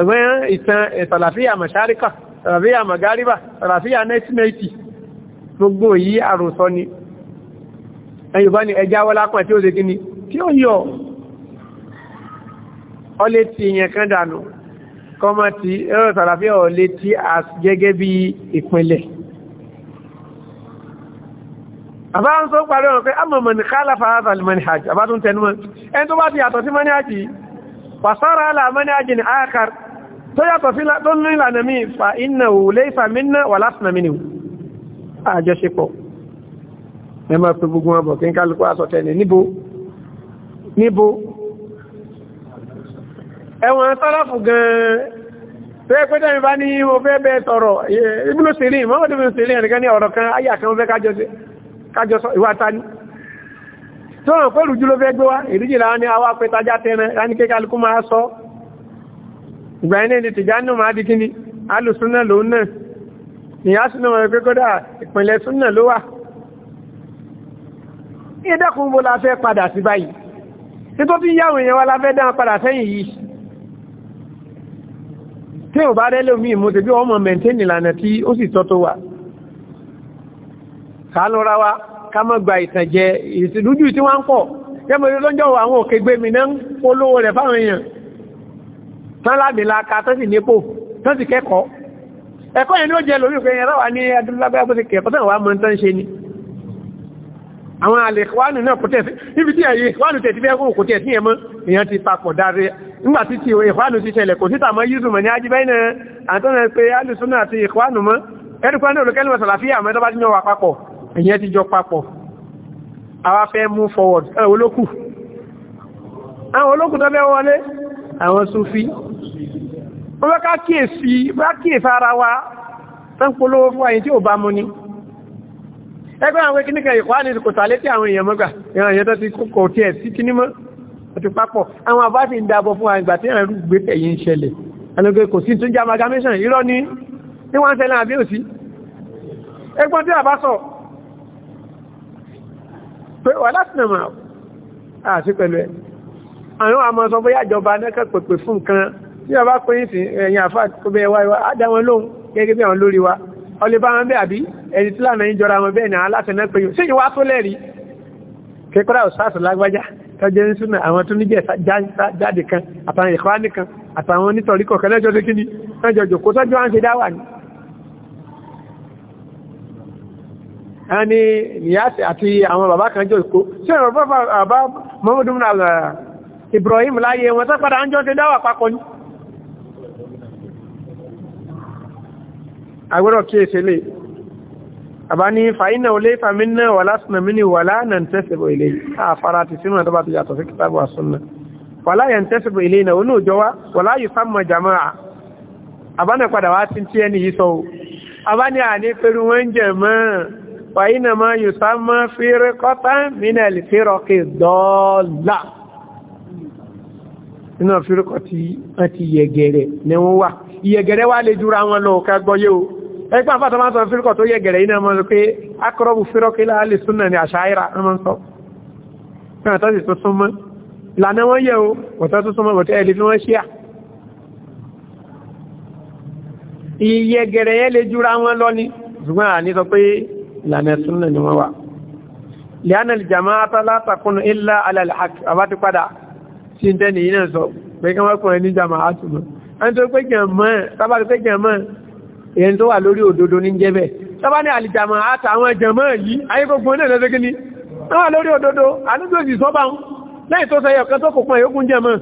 ẹ̀wọ́n ìtàn ìsàlàfíà eh, màṣáríkà sàlàfíà màgáríbà sàlàfíà nẹ́tìmẹ́tì gbogbo yìí àròsọ ni ẹ̀yùbá ni ẹja wọ́lápọ̀ tí ni tí ó yọ ọlé tí yẹn kan dànù kọmọ tí ẹ̀rọ sàlàfíà ọlé tí a gẹ́gẹ́ bí ìpínlẹ̀ àbá ń sọ parí ọ̀rọ̀ pé a mọ̀mọ̀ ní kálàfà àbálùmọ̀ ní hajj àbá tún tẹnumọ́ ẹni tó bá ti yàtọ̀ sí mọ́ ní hajj fasara alamani ajin akar tó yàtọ̀ sí tó ní ìlànà mi fa iná ò lẹ́fà mínà wà lásìnà mínú àjọṣepọ̀ ẹ máa fi gbogbo ọbọ̀ kí n kálùkù àsọ̀tẹ̀ ní níbo níbo ẹwọ̀n sáràfù gan-an tó yẹ pẹ́tẹ́ mi bá ní mo fẹ́ bẹ́ tọrọ ibùdó sílẹ̀ mọ́wọ́dé mi sílẹ̀ ẹ̀nìkan ní ọ̀rọ̀ kan ayà kan fẹ́ kájọ ìwà tani tó hàn pẹ́lú jú ló fẹ́ gbé wá ìrújì láwọn ní àwọn apẹtajá tẹ́rẹ láni kékàlùkú máa sọ ìgbà iná ni tìjánù máa di kíni lòun náà ìyá súnà wọn pé kódà ìpínlẹ̀ súnà ló wà ìdẹ́kùn bó la fẹ́ padà sí báyìí kámọ́ gba ìtànjẹ ìsìlújù tí wọ́n ń pọ̀ kẹ́mọ̀ lọ́jọ́ àwọn òkè gbé mi náà polówó rẹ̀ fáwọn èèyàn tán lábìlá ka tán sì nípò tán sì kẹ́kọ̀ọ́ ẹ̀kọ́ yẹn ni ó jẹ́ lórí òkè yẹn ráwà ní adúlágbáyà bó ti kẹ́kọ̀ọ́ tán wà mọ́ tán ṣe ni àwọn àlèkwánù náà kò tẹ̀sí níbi tí ẹ̀yẹ ìkwánù tẹ̀ ti fẹ́ kó kò tẹ̀sí ẹ̀mọ́ èèyàn ti papọ̀ dáre nígbà tí ti ìkwánù ti ṣẹlẹ̀ kò síta mọ́ yíṣù mọ̀ ní ajíbẹ́ náà àtọ́nà pé alùsùnà àti ìkwánù mọ́ ẹ̀rùkwánù olùkẹ́lùmọ̀ sàlàfíà mẹ́tọ́bá tí wọ́n wà papọ̀ ìyẹn ti jọ papọ̀ àwa fẹ́ mú forward ẹ olókù àwọn olókù tó fẹ́ wọlé àwọn Sufi wọ́n fẹ́ ká kíyèsí bá kíyèsí ara wa tán polówó fún àyín tí ò bá mú ní ẹgbẹ́ àwọn kìíní kan ìkọ́ àníṣe kò tàlé tí àwọn èèyàn mọ́gbà ìran èèyàn tó ti kò tiẹ̀ sí kíní mọ́ àti papọ̀ àwọn àbá ti ń dábọ̀ fún àgbà tí àwọn ìrúgbé tẹ̀yìn ń ṣẹlẹ̀ alógbé kò sí tún jẹ́ amalgamation irọ́ ní wọ́n ń ṣẹlẹ̀ àbí òsí ẹgbọ́n tí àbá sọ̀rọ̀ pé wà láti nà máa àti pẹ̀lú ẹ̀ àwọn àmọ́ sọ bóyá ìjọba náà pẹ̀pẹ̀ fún nǹkan tí ọba pé ní ẹ̀yìn àfáà tó bẹ́ẹ̀ wá ìwá àdá wọn lóhun gẹ́gẹ́ bí àwọn lórí wa ọlẹ́ bá wọn bẹ́ àbí ẹni tí lànà yín jọra wọn bẹ́ẹ̀ ní aláṣẹ náà pé yóò sí ìwá tó lẹ́rìí kékeré ẹni niyasi àti àwọn bàbá kan jọ ìkó ṣe rọ̀ bàbá Muhammadu bin eh, Ibrahim láyé wọn tó padà ń jọ ti dáwà papọ̀ ní agbẹ́rọ̀ kí èsè lè àbá ní fàínà olé fàmínà wà lásìnà mínú wà láàrín tẹ́sẹ̀bọ̀ ilé àfara na onú òjọwá wà jama'a àbánà padà wá tí tí ẹni yìí sọ ní pẹ̀lú wọ́n jẹ̀ وإنما يسمى فرقة من الفرق الضالة nínú àfíríkọ̀ tí wọ́n ti yẹ̀gẹ̀rẹ̀ ní wọ́n wà ìyẹ̀gẹ̀rẹ̀ wà lè jùra wọn lọ ká gbọ́yé o ẹgbẹ́ àfáta máa sọ àfíríkọ̀ tó yẹ̀gẹ̀rẹ̀ iná mọ́ lọ pé akọrọ̀bù fírọ́kí láàrín súnà ní àṣáyíra ọmọ sọ fún àtọ́sí tó súnmọ́ lànà wọ́n fi wọ́n ìyẹ̀gẹ̀rẹ̀ yẹn lè jùra wọn lọ ni ṣùgbọ́n à ní sọ pé ìlànà súnnà ni wọ́n wà lẹ́nà jama'ata látàkùn ilá alàlhaq àbáti padà sí tẹ́ni yínà sọ pé kí wọ́n kùnrin ní jama'atu mọ́ ẹni tó pé jẹmọ́ èyàn tó wà lórí òdodo ní jẹ́bẹ̀ sábà ní àlìjàmà àtà àwọn jẹmọ́ yìí ayégbogbo náà lọ́sẹ́ kí ni wọ́n wà lórí òdodo àdúgbòsì sọ́bà ń lẹ́yìn tó sẹ́yọ̀ kan tó kò pọ̀ yókùn jẹmọ́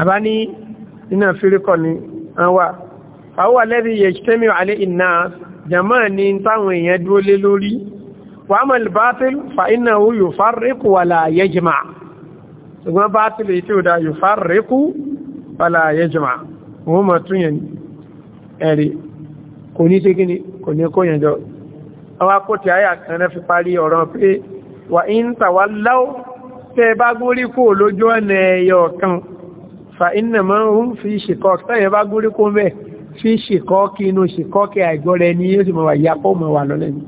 àbá ní iná fíríkọ̀ jama ni táwọn èèyàn dúró lé lórí wa amal batil fa innahu yufarriqu wala yajma ṣùgbọ́n batil èyí tí ó dá yufarriqu wala yajma wọ́n mọ̀ tún yẹn ẹ̀rí kò ní ṣe gíní kò ní kó yẹnjọ́ àwọn akótí àyà kan náà fi parí ọ̀rọ̀ pé wà ń tàwà láó tẹ́ bá gúrí kó lójú ọ̀nà ẹ̀yọ̀ kan fa iná mọ́ ń fi ṣìkọ́ tẹ́yẹ bá gúrí kó mẹ́ fi ṣìkọ́kí inú ṣìkọ́kí àìgbọ́rẹ̀ ní yóò sì mọ̀ wà ìyapọ̀ mọ̀ wà lọ́lẹ́ ní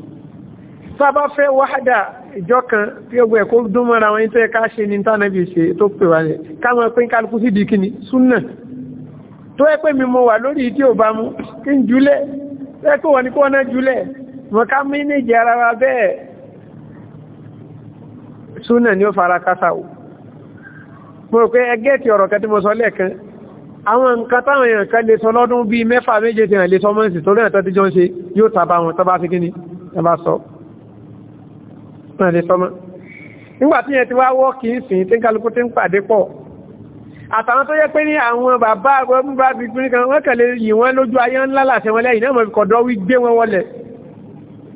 sábà fẹ́ wáhádà ìjọ kan tí ó gbọ́ ẹ̀kọ́ dúnmọ́ra wọn tó ẹka ṣe ní tánàbí ṣe tó pè wá rẹ̀ káwọn pín kálukú sí di kíni súnà tó ẹ pé mi mo wà lórí tí ò bá mú kí n júlẹ̀ ẹ kó wọn ni kó wọn náà júlẹ̀ wọn ká mí ní ìjẹ ara wa bẹ́ẹ̀ súnà ni ó fara kásá mo rò pé ẹgẹ́ ti ọ̀rọ̀ kan mo sọ lẹ́ẹ̀kan àwọn nǹkan táwọn èèyàn kan lè sọ lọ́dún bí mẹ́fà méje tí wọ́n lè sọ mọ́sí torí ẹ̀tọ́ tí jọ ń ṣe yóò tàbá wọn tàbá fi kíní tàbá sọ nígbàtí yẹn ti wá wọ́ọ̀kì ìsìn tí kálukú ti ń pàdé pọ̀ àtàwọn tó yẹ pé ní àwọn bàbá àwọn bá fi gbín kan wọ́n kẹ̀lé yìí wọ́n lójú ayé ńlá láṣẹ wọn lẹ́yìn náà mọ̀ fi kọ̀dọ́wí gbé wọn wọlé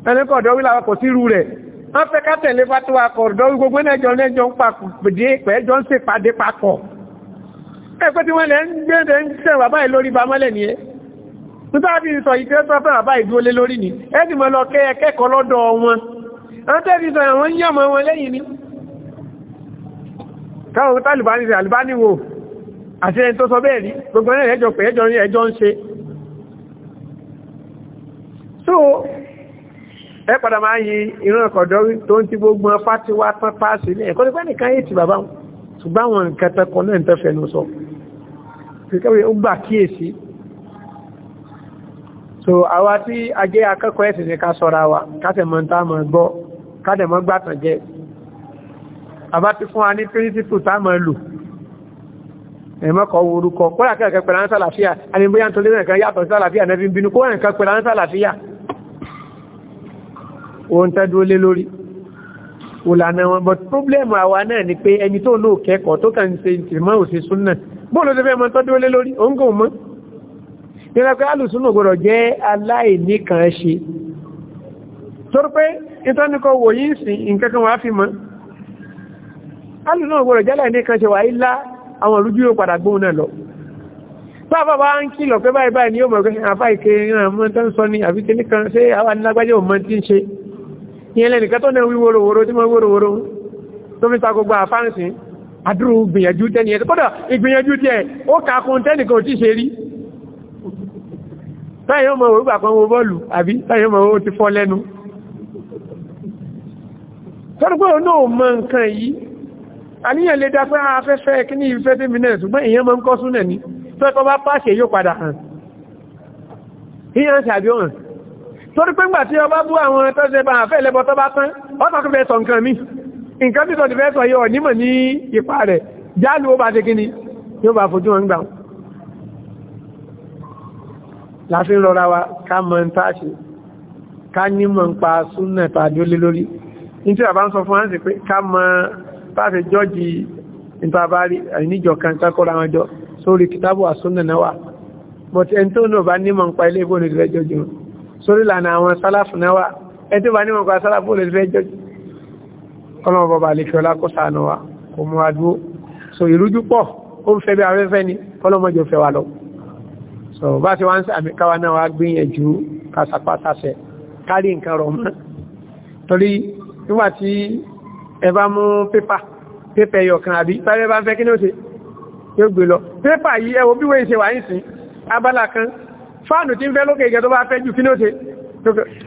ẹni kọ̀dọ́wí làwọn kò sí irú rẹ̀ wọ́n fẹ́ ká tẹ̀lé fatiwa kọ̀dọ́wí gbogbo ẹ̀pẹ́ tí wọ́n lẹ́ ń gbẹ́ẹ̀dẹ̀ ń tẹ̀ bàbá ì lórí bàmọ́lẹ̀ ni ẹ́ nítàbí sọ ìfẹ́ sọ́fẹ́ bàbá ìdúólé lórí ni ẹ́dì mọ́ lọ kẹ́ẹ̀kẹ́kọ́ lọ́dọ̀ wọn ẹ́tẹ́bí sọ àwọn yàmọ́ wọn lẹ́yìn ni káwọn tàlìbáni rẹ̀ àlìbáni wo àti ẹni tó sọ bẹ́ẹ̀ rí gbogbo ẹ̀rẹ́ ẹjọ́ pé ẹjọ́ rí ẹjọ́ ń ṣe so ẹ padà máa yí ìran ọkọ̀dọ́ tó ń ti gbogbo fásiwá tán páàsì ní ẹ̀kọ́ nípa nìkan èyí ti bàbá ṣùgbọ́n àwọn nǹkan tẹ́kọ̀ọ́ náà ń tẹ́fẹ̀ẹ́ ló sọ kìkẹ́wé ó gbà kíyèsí so àwa tí a jẹ́ akẹ́kọ̀ọ́ ẹ̀sìn ní ká sọ́ra wa kásẹ̀mọ̀ tá mọ̀ gbọ́ kádẹ̀mọ́ gbàtàn jẹ́ àbá ti fún wa ní píríncípù tá mọ̀ lò ẹ̀mọ́kọ̀ orúkọ kọ́lá kẹ́kẹ́ pẹ̀lú àwọn sàlàfíà àni bóyá tó lérẹ̀ ìlànà wọn but problem àwa náà ni pé ẹni tó lóò kẹ́kọ̀ọ́ tó kàn ṣe ìtìmọ́ òṣè súnà bóòlù tó fẹ́ mọ́ tọ́dú ó lé lórí òun kò mọ́ nígbà pé alùsúnà gbọ́dọ̀ jẹ́ aláìní kan ṣe torí pé ìtọ́nikọ̀ wò yí sí nǹkan kan wàá fi mọ́ alùsúnà gbọ́dọ̀ jẹ́ aláìní kan ṣe wà ilá àwọn ni yóò mọ̀ pé àfáìkè náà mọ́ ìyẹn lẹ́nìkan tó náà wíwòrò wòrò tí wọ́n wòrò wòrò tó fi tagbogbo àfáǹsì àdúrú gbìyànjú tẹ́ni ẹ̀ kódà ìgbìyànjú tí ẹ̀ ó kàkún tẹ́nìkan ò tí ṣe rí táyẹ̀ ọmọ òwúgbà kan wo bọ́ọ̀lù àbí táyẹ̀ ọmọ ó ti fọ́ lẹ́nu tọ́rọgbọ́ náà mọ nǹkan yìí àníyàn lè dápẹ́ afẹ́fẹ́ kí ní ìfẹ́ tí mi náà ṣùgbọ́n èyàn mọ́ ń kọ́ súnẹ̀ ní tọ́ẹ̀kọ́ bá pàṣẹ yóò padà hàn torí pé ńgbà tí ọba bú àwọn tọ́jẹ́ bá àfẹ́ ẹlẹ́bọ tó bá tán ọ́tọ́ tó fẹ́ sọ nǹkan mi nǹkan tí tọ́jú fẹ́ sọ yọ nímọ̀ ní ipa rẹ̀ jálù ó bá ṣe kíni yóò bá fojú wọn gbà láti rọra wa ká mọ̀ ń táṣe ká nímọ̀ ń pa súnà tàbí ó lé lórí ní tí àbá ń sọ fún ánsì pé ká mọ̀ táṣe jọ́jì ìtàbárí àìníjọ kan kákọ́ra wọn sórí lànà àwọn sálàfù náà wà ẹ tí bá ní mọ̀kọ̀ sálàfù lè fẹ́ jọ́jú kọ́lọ̀mọ̀ bọ̀bà lè kíọ́lá kó sànà wa kò mú adúó so ìrújú pọ̀ ó ń fẹ́ bí afẹ́fẹ́ ni kọ́lọ̀mọ̀ jọ fẹ́ wa lọ so bá ti wọ́n sàmì káwa náà wá gbìyànjú abala kan fáànù tí ń fẹ́ lókè ìgẹ́ tó bá fẹ́ jù kí ló ṣe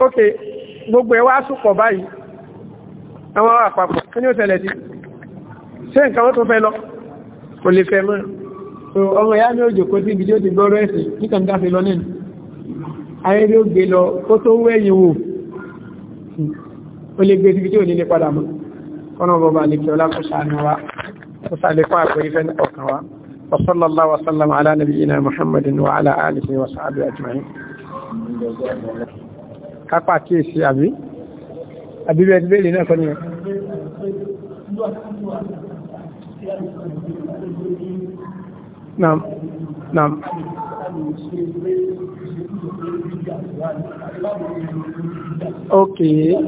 ókè gbogbo ẹwà súpọ̀ báyìí àwọn àpapọ̀ kí ní ó tẹ̀lẹ̀ sí ṣe nǹkan wọ́n tó fẹ́ lọ kò lè fẹ́ mọ́ ọmọ ìyá ní òjò kó sí ibi tí ó ti gbọ́rọ̀ ẹ̀sìn nìkan dáfí lọ nínú ayé ló gbé lọ ó tó wẹ́yìn wò ó lè gbé síbi tí ò nílé padà mọ́ وصلى الله وسلم على نبينا محمد وعلى آله وصحبه أجمعين كاكا كيسي أبي أبي بيت بيلي نكوني نعم نعم اوكي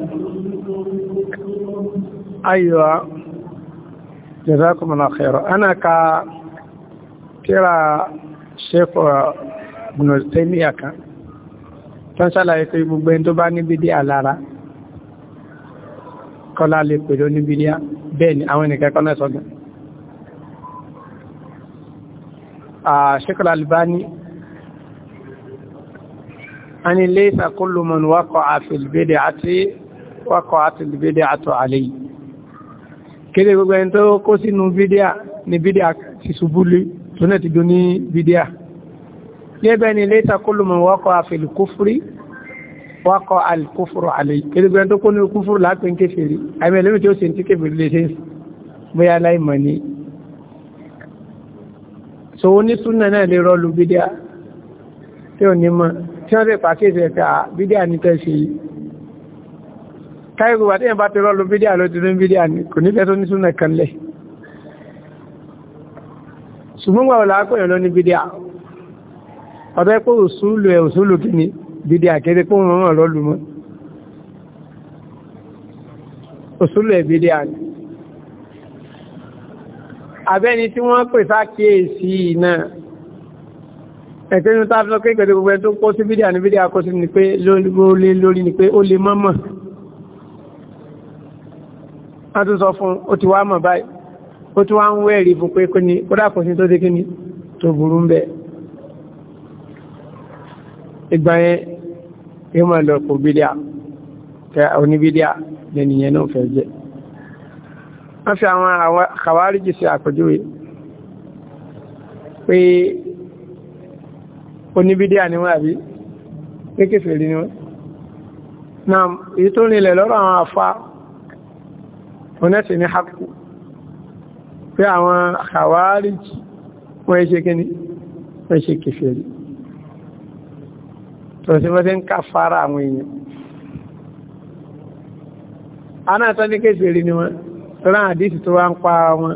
ايوه جزاكم الله خيرا انا ك tíra ṣẹ́kọ̀ gbùnàtẹ́míyà kan tó ń ṣàlàyé pé gbogbo ẹni tó bá ní bídíà lára kọ́lá lè pèrò ní bídíà àwọn ènìyàn kọ́lá sọ́gbọ̀n ṣẹ́kọ̀lá albani a ni laysa kullu man waqa'a fil bid'ati waqa'at al bid'atu alayhi kéde gbogbo ẹni tó kó sínú bídíà ni bídíà ti ṣubú súnà ti dún ní bídíà níbẹ̀ ni létà kólùmọ̀ wọ́kọ̀ àfẹ́lùkúfúrí wọ́kọ̀ alìkúfúrú àlè kérébẹ́ tó kó ní kúfúrú láti ń kéfèrí àmì ẹlẹ́mì tí ó sì ń tí kéfèrí lè ṣe ń bóyá láìmọ̀ ni so ní súnà náà lè rọlù bídíà tí ò ní mọ́ tí wọ́n lè pàkíyèsí ẹ̀ka bídíà ní tẹ́ṣe yìí káyọ̀ gbogbo àti ẹ̀bá ti rọlù bídíà ló ti ní bídíà ní kò ní fẹ́ tó ní súnà kan lẹ̀ ṣùgbọ́n wà ọ̀lá akọ̀yàn lọ ní bídíà ọ̀bẹ́ pé òṣùlù ẹ̀ òṣùlù kí ni bídíà kéde pé wọ́n rán lọ́lù mọ́ ẹ̀ bídíà ni abẹ́ni tí wọ́n pè sákèèsí náà ẹ̀kẹ́ni tó fẹ́ kéèkéé gbogbo ẹ̀ tó kó sí bídíà ní bídíà kó sí ni pé lórí ni pé ó lè mọ́mọ̀ a tún sọ fún ó ti wá mọ̀ báyìí ó tún wá ń wẹ́rí fún pé kíní ó dàpọ̀ sí tó dé kíní tó burú ń bẹ́ ìgbà yẹn yóò máa lọ bídíà tẹ oníbídíà lẹ́nìyàn náà fẹ́ jẹ́ wọ́n fi àwọn àwáríjì sí àpèjúwe pé oníbídíà ni wọ́n àbí kékèfè rí ni wọ́n náà èyí tó rìnlẹ̀ lọ́rọ̀ àwọn àfa onẹ́sìn ní haku pé àwọn Khawarij wọ́n ẹ́ ṣe kíní wọ́n ṣe kèfèrí tó sí wọ́n tí ń ká fara àwọn èèyàn anáta ní kèfèrí ni wọ́n rán àdísì tó wá ń pa wọn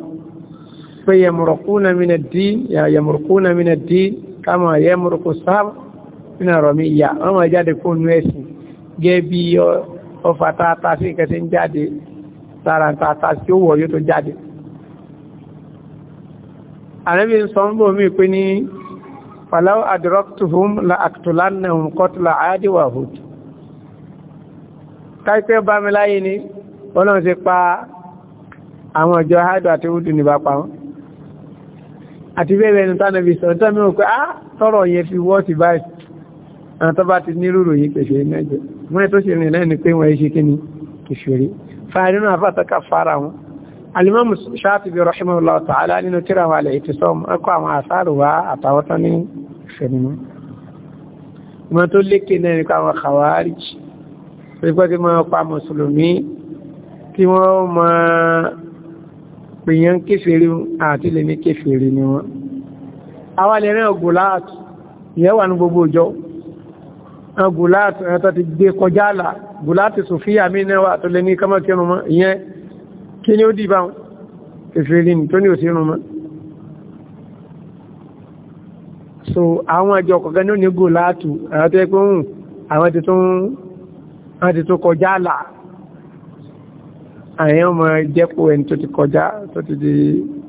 pé yamurukuna mina dín yamurukuna mina dín kama yamuruku sáà nínú ọ̀rọ̀ mi ìyà wọ́n máa jáde kó nú ẹ̀sìn gẹ́ bí ọfà tààtà sí ìkẹsẹ̀ ń jáde sára tààtà ó wọ̀ yóò tó jáde ànábì ń sọ ń bò mí pé ní falau adraktuhum la aqtulannahum qatla aadi wa hud káìpẹ́ bá mi láyé ni ọlọ́run ti pa àwọn ìjọ haidu àti hudu ní bá pa wọn àti bẹ́ẹ̀ ẹni tánà bí sọ tán mẹ́wọ̀n pé á tọ́rọ̀ yẹn fi wọ́ ti báyìí àwọn tó bá ti nírúurú yìí pèsè alimọ́mù Ṣáàtìbí rahimahullah ta'ala nínú tíra wà lè ti sọ́m ẹkọ́ àwọn àsáàrù wá àtàwọ́tọ́ ní ṣẹ̀mìmọ́ ìmọ̀ tó lékè náà nípa àwọn khawarij pípẹ́ tí wọ́n pa mùsùlùmí tí wọ́n mọ̀ pèèyàn kéfèrí àti lè ní kéfèrí ni wọ́n àwọn alẹ́rẹ́ ọgùláàtù ìyẹ́ wà ní gbogbo òjò ọgùláàtù ẹ̀tọ́ ti gbé kọjá àlà gùláàtù sòfíà mí náà wà tó lè ní kọ́mọ́kẹ́rùn-ún ìyẹn kí ni ó dì bá wọn tó ní òsì mọ́ so àwọn àjọ kọ̀ọ̀kan ní òní gò láàtù àwọn tó yẹ pé òun àwọn ti tún wọ́n ti tún kọjá àlà àyẹ́ ọmọ jẹ́pọ̀ ẹni tó ti kọjá tó ti di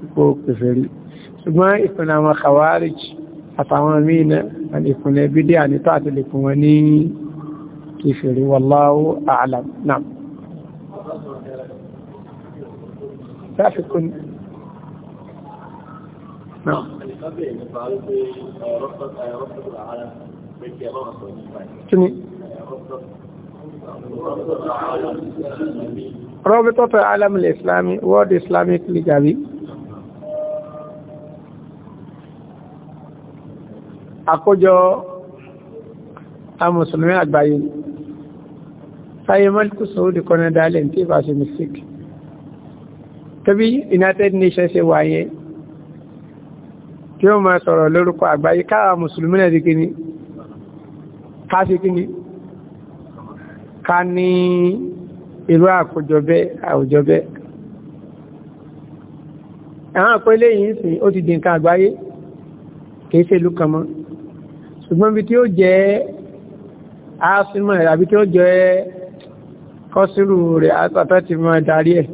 ipò kèfèrí ṣùgbọ́n ìpínlẹ̀ àwọn khawarij àtàwọn mìíràn àti bídí àti láfikún ní náà kíni rọ́bítọ́tọ̀ alamil islami world islamic league àbí àkójọ a mùsùlùmí àgbáyé sáyé mọ́líkù sọ́wọ́dì kọ́nà dálẹ̀ tí ìbáṣe mistake tẹ́bí United Nations ṣe wáyé tí ó máa sọ̀rọ̀ lórúkọ àgbáyé káà mùsùlùmí náà di kíní ká sí kíní ká ní ìlú àkójọbẹ́ àwùjọbẹ́ àwọn àpẹẹlẹ yìí sí ó ti di nǹkan àgbáyé kìí ṣe ìlú kan mọ́ ṣùgbọ́n bí tí ó jẹ́ àásímọ̀ àbí tí ó jẹ́ kọ́sírù rẹ̀ àtàtà ti mọ́ darí ẹ̀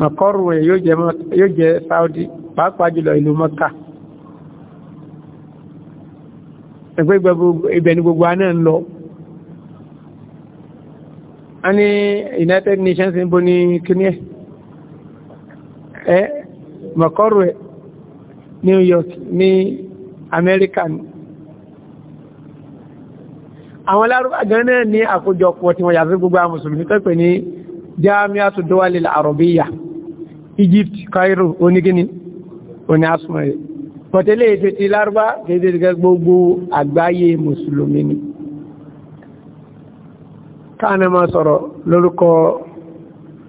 mọ̀kọ́rù rẹ̀ yóò jẹ́ Saudi pàápàá jùlọ ìlú Mọ́kà ẹgbẹ́ ìbẹ̀ni gbogbo aná ń lọ a ní United Nations ń bó ní kíní ẹ̀ mọ̀kọ́rù rẹ̀ New York ní Amẹ́ríkà ní àwọn lárúbá gan náà ní àkójọpọ̀ tí wọ́n yà sí gbogbo àwọn mùsùlùmí tó ní jami'atu duwal al-arabiyya egypt cairo onígíní oní asùnmọ̀ rẹ̀ pọ̀tẹ́lẹ̀ ètò ti lárúbá gẹ́gẹ́ gbogbo àgbáyé mùsùlùmí ni káàna máa sọ̀rọ̀ lórúkọ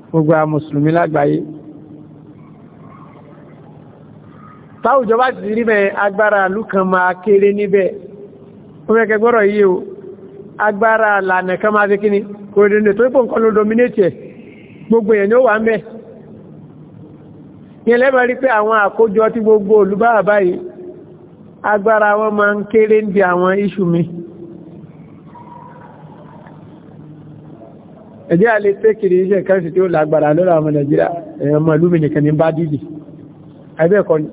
gbogbo mùsùlùmí lágbàáyé táwùjọ bá ti rí bẹ́ agbára lúkan máa kéré níbẹ̀ ó mẹ́kẹ́ gbọ́rọ̀ yìí o agbára lànà kan máa fi kíni kò rìnrìn tó pọ̀ nǹkan ló dominate gbogbo èèyàn ni ó wà ń bẹ̀ yẹn lẹ́mọ̀ rí pé àwọn àkójọ tí gbogbo olùbáwà báyìí agbára wọn máa ń kéré ń di àwọn iṣu mi ẹ̀jẹ̀ àlè tẹ́kìrì iṣẹ́ kẹ́sì tí ó lágbára lọ́rọ̀ àwọn nàìjíríà èèyàn ọmọ ìlú mi nìkan ní bá dìdì àbẹ́ẹ̀kọ́ ni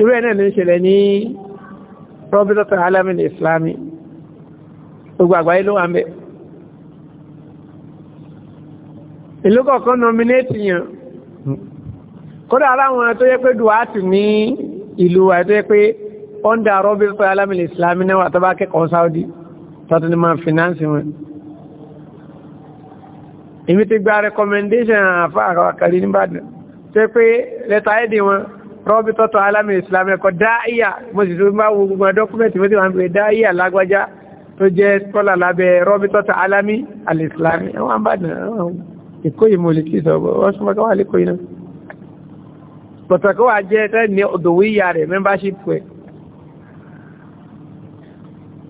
irú ẹ̀nà ní ṣẹlẹ̀ ní Robert alamin islami gbogbo àgbáyé ló wà ń bẹ́ẹ̀ ìlú kọ̀ọ̀kan nominate yàn kódà aláwọn tó yẹ pé duwati ní ìlú wa tó yẹ pé ó ń da rọ́bí fún alámìlì islami náà tó bá kẹ́kọ̀ọ́ Saudi tọ́tù ni máa finance wọn èmi ti gba recommendation àfa àkàrí nìbàdàn tó yẹ pé lẹ́tà ẹ̀dì wọn rọ́bí tọ́tù alámìlì islami ẹ̀kọ́ dáíyà mo sì tún bá wo gbogbo dọ́kúmẹ̀tì mo ti wà ń pè dáíyà lágbájá tó jẹ́ scholar lábẹ́ Ikoyi mo lè kí sọ wasu maka wà l'Ikoyi náà pọ̀tàkọ́ wà jẹ́ tẹ́ ní òdòwú ìyá rẹ̀ membership rẹ̀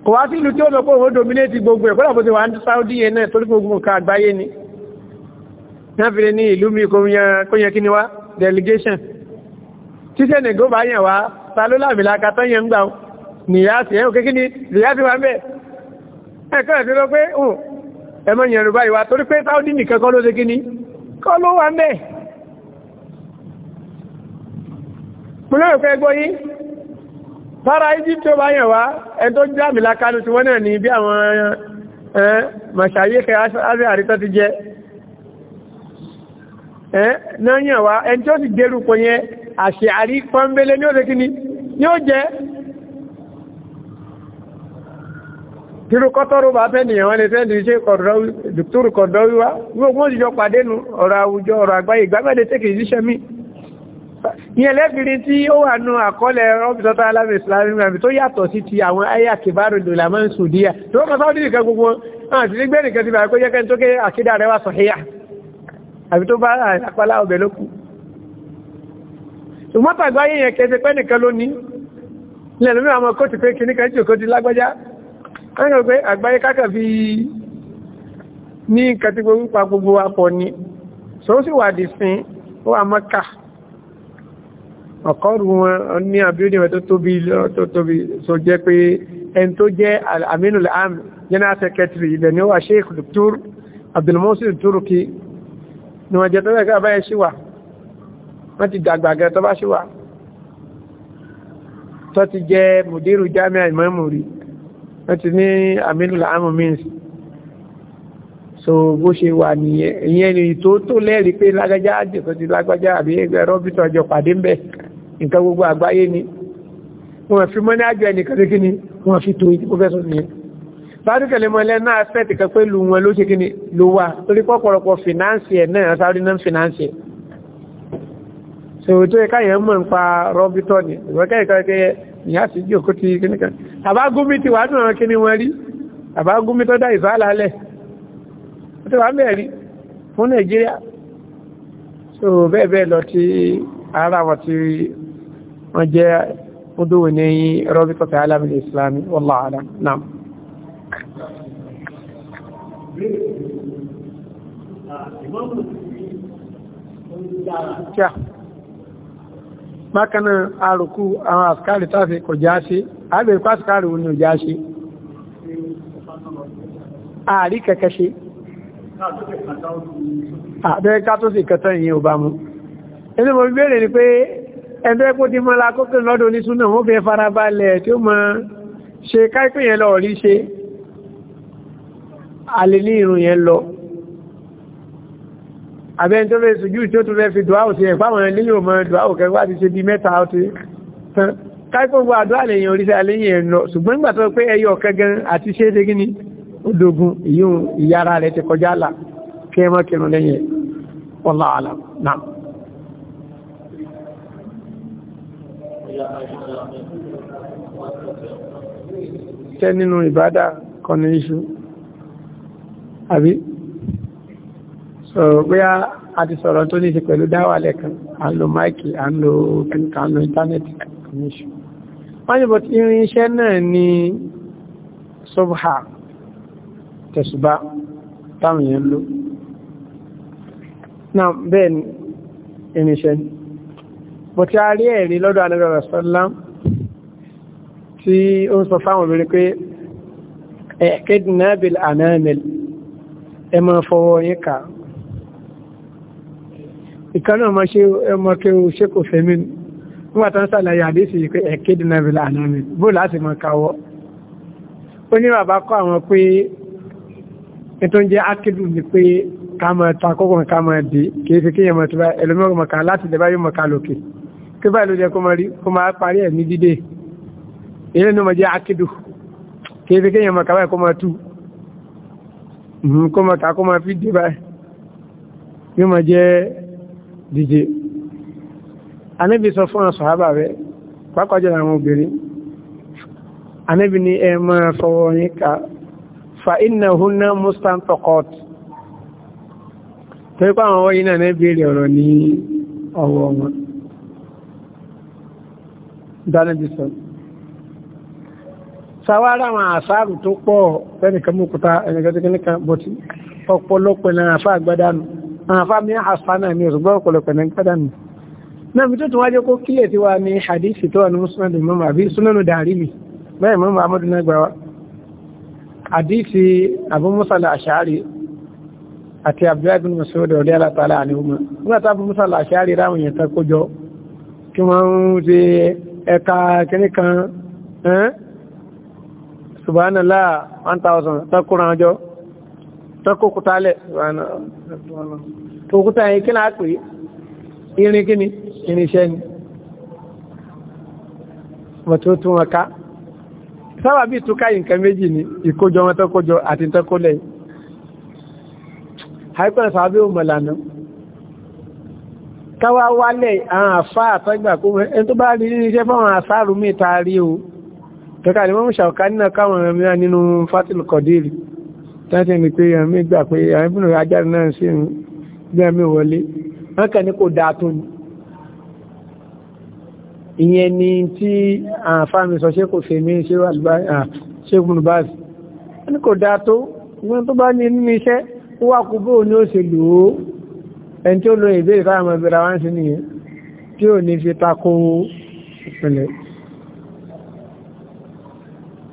kò wá sí ìlú tí ó lọ pọ̀ òun dominate gbogbo ẹ̀ kọ́lá bó wà ní Saudi yẹn náà torí gbogbo nǹkan àgbáyé ni náà fi delegation tí Senegal bá yẹn wá ta ló láàmì lákàtọ́ yẹn ni nìyá sí wa ń bẹ̀ ẹmọ yẹn rúbá ìwà torí pé Saudi nìkan kọ́ ló ṣe kí ni kọ́ ló wà mẹ́ pínlẹ̀ òkè ẹgbọ́ yìí sára Egypt tó bá yẹ̀ wá ẹn tó jáàmì lákàlù tí wọ́n náà ní bí àwọn màṣàyíkẹ́ àríta ti jẹ́ náà ó sì gbérù pọ̀ yẹn àṣẹ àrí pọ́ńbélé ní ó ṣe kí ni yóò jẹ́ dúró kọ́tọ́rù bá fẹ́ nìyàn wọ́n lè fẹ́ ní ṣe dùkúrù kọ̀dọ̀ wíwá gbogbo òjìjọ pàdé nù ọ̀rọ̀ àwùjọ ọ̀rọ̀ àgbáyé ìgbàmẹ́lẹ̀ tẹ́kì ìṣẹ́ mi ìyẹn lẹ́bìnrin tí ó wà nù àkọọ́lẹ̀ ọ́bìsọ́tà alámi islamic mami tó yàtọ̀ sí ti àwọn ayé kìbárù dòlàmọ́ sùdíyà tó kọ́ sáwọ́dì nìkan gbogbo àwọn àti nígbẹ́ nìkan ti bàá pé jẹ́kẹ́ tó ké àkídà rẹ̀ wà sọ̀híyà àbí tó bá àpálá ọbẹ̀ lókù ṣùgbọ́n tàgbáyé yẹn kẹsẹ̀ pẹ́ nìkan lónìí ẹni rò pé àgbáyé kákà fi ní kẹtígbó wípa gbogbo apọ̀ ni so ó sì wà dì sín ó wà mọ́kà ọ̀kọ́rù wọn ní àbílẹ̀ tó tóbi tó tóbi so jẹ́ pé ẹni tó jẹ́ Aminul Am General Secretary ilẹ̀ ni ó wà Sheikh Dr. Abdul Muhsin Turuki ni wọ́n jẹ́ tó rẹ̀ káàbáyé síwà wọ́n ti ní amínúlá amúmíns so bó ṣe wà nìyẹn ìyẹn ni tó tó lẹ́rìí pé lágbájá àjẹsọ ti lágbájá àbí ẹgbẹ́ rọ́bìtọ̀ ọjọ́ pàdé ń bẹ̀ nǹkan gbogbo àgbáyé ni wọ́n fi mọ́ ní àjọ ẹnìkan tó kíni wọ́n fi tó ìdíkò fẹ́ sọ nìyẹn sáré kẹlẹ́mọ́ ẹlẹ́ náà aspect kan pé lu wọn ló ṣe kíni ló wà torí pọ̀pọ̀lọpọ̀ fìnáǹsì ẹ̀ náà sáré náà fìnáǹsì ẹ̀ so tó yẹ káyẹ̀ mọ̀ nípa rọ́bìtọ̀ ni ìwọ́kẹ́ ìkọ́ ìyá sí jí òkú ti kíní kan bàbá gúnmí ti wà náà kíní wọn rí bàbá gúnmí tó dá ìfàlálẹ̀ ó ti wà mẹ́rin fún nàìjíríà so bẹ́ẹ̀ bẹ́ẹ̀ lọ tí ara wọn ti wọ́n jẹ́ ọdún ní rọ́bítọ̀tà alámìlì islami wallahu a'lam naam Yeah bákanáà àrùkú àwọn àfikàrí tàbí kò já sí àgbèrè pàtàkàrí òní ò já sí ààrí kẹ́kẹ́ ṣe àbẹ́rẹ́ ká tó sì kẹta ìyẹn ò bá mú ẹni mo bèèrè ni pé ẹgbẹ́ kó ti mọ́lá kókè lọ́dọ̀ onísúnà wọ́n fẹ́ farabalẹ̀ tí ó mọ́ ṣe káìkú yẹn lọ abẹ́ni tó fẹ́ sùjú tí ó tún fẹ́ fi dùáwò sí ẹ̀pá wọn ní yóò mọ́ dùáwò kẹwàá ti ṣe bí mẹ́ta ó ti tán káìkógbò àdúrà lèyàn oríṣẹ́ aléyìn ẹ̀nà ṣùgbọ́n nígbà tó pé ẹyọ kẹgan àti ṣe é ṣe gíní ó dogun ìyóhun ìyára rẹ̀ ti kọjá là kí ẹ mọ́ kírun lẹ́yìn wallahu a'lam naam tẹ́ nínú ìbádà kan ní iṣu àbí so bóyá a ti sọ̀rọ̀ tó ní ṣe pẹ̀lú dáwàlẹ̀ kan à ń lo máìkì à ń lo kíníkà à ń lo íńtánẹ́ẹ̀tì kìíṣù wọ́n ní bọ̀tí irinṣẹ́ náà ní subha tẹ̀sùbá táwọn èèyàn ló ni irinṣẹ́ ni bọ̀tí a rí ẹ̀rí lọ́dọ̀ anábẹ̀rẹ̀ sọ́lá ẹ̀kẹ́dìnnábìl àmẹ́mẹ́l ẹ fọwọ́ yín ìkaná ọmọ ṣe ọmọ kí o ṣe kò fẹ́mí nígbàtà ń sàlàyé àdéṣì pé ẹ̀kẹ́ dínà ìbìlà àná mi bó láti mọ̀ káwọ́ ó ní bàbá kọ́ àwọn pé ètò ń jẹ́ ákìdù ní pé ká mọ̀ ta kókò ká mọ̀ dé kì í fi kí yẹmọ̀ tó bá ẹlòmíràn mọ̀ká láti lè bá yóò báyìí ló jẹ́ kó mọ̀ rí kó máa parí ẹ̀ ní dídé ilé ní mọ̀ jẹ́ ákìdù kì í fi kí yẹmọ̀ ká báyìí kó mọ̀ tú kó mọ̀ fi dé báyìí yóò mọ̀ jẹ́ díje anábì sọ fún àwọn sọ̀hábà rẹ̀ pápájọ́ àwọn obìnrin anábì ní ẹ máa fọwọ́ yín ká fa iná húnná mustan tọkọt torí pé àwọn wọ́yí náà ní bèèrè ọ̀rọ̀ ní ọwọ́ wọn dánábì sọ sàwárà àwọn àṣàrù tó pọ̀ ẹnìkan mú kúta ẹnìkan tó kí nìkan bọ̀tí ọ̀pọ̀lọpọ̀ náà àṣà àgbádánù àfáàmì àṣánà ní ọ̀sùgbọ́ ọ̀pọ̀lọpọ̀ ní pẹ́dánù náà bí tó tún wájé kó kílẹ̀ tí wá ní hadisi tó wà ní musnad imam àbí sunanu darimi bẹ́ẹ̀ mọ́ muhammadu náà ashari àti abdullahi bin mas'ud ọ̀dẹ́ alátàlá àníwọ̀n nígbà tá abu musa al-ashari ráwọn yẹn ta kójọ kí wọ́n ń ṣe ẹ̀ka kìnnì kan subhanallah 1000 takuran ọjọ́ tọ́kọ́ òkúta lẹ̀ òkúta yìí kí láà pè irin kí ni irinṣẹ́ ni mọ̀tútù wọn ká sábà bí ìtúká nǹkan méjì ni ìkójọ wọn tọ́kójọ àti tọ́kólẹ̀ àìpẹ́ sàábé òmọ̀lànà káwà wálẹ̀ àwọn àfá àtọ́gbà kó mẹ́ ẹni tó bá rí iṣẹ́ fáwọn àsáàrù mẹ́ta rí o kẹkàlẹ̀ mọ́mú ṣàwọ̀ká nínú tàbí ní pé ẹ̀mí gbà pé ẹ̀mí ajáre náà sí gbé ẹ̀mí wọlé wọ́n kàn ní kò dáa tó ní ìyẹn ni tí àǹfààní sọ ṣe kò fè mí ṣe ṣégun bá sí wọ́n ní kò dáa tó wọ́n tó bá ní nínú iṣẹ́ wà kú bó ní ó ṣe lò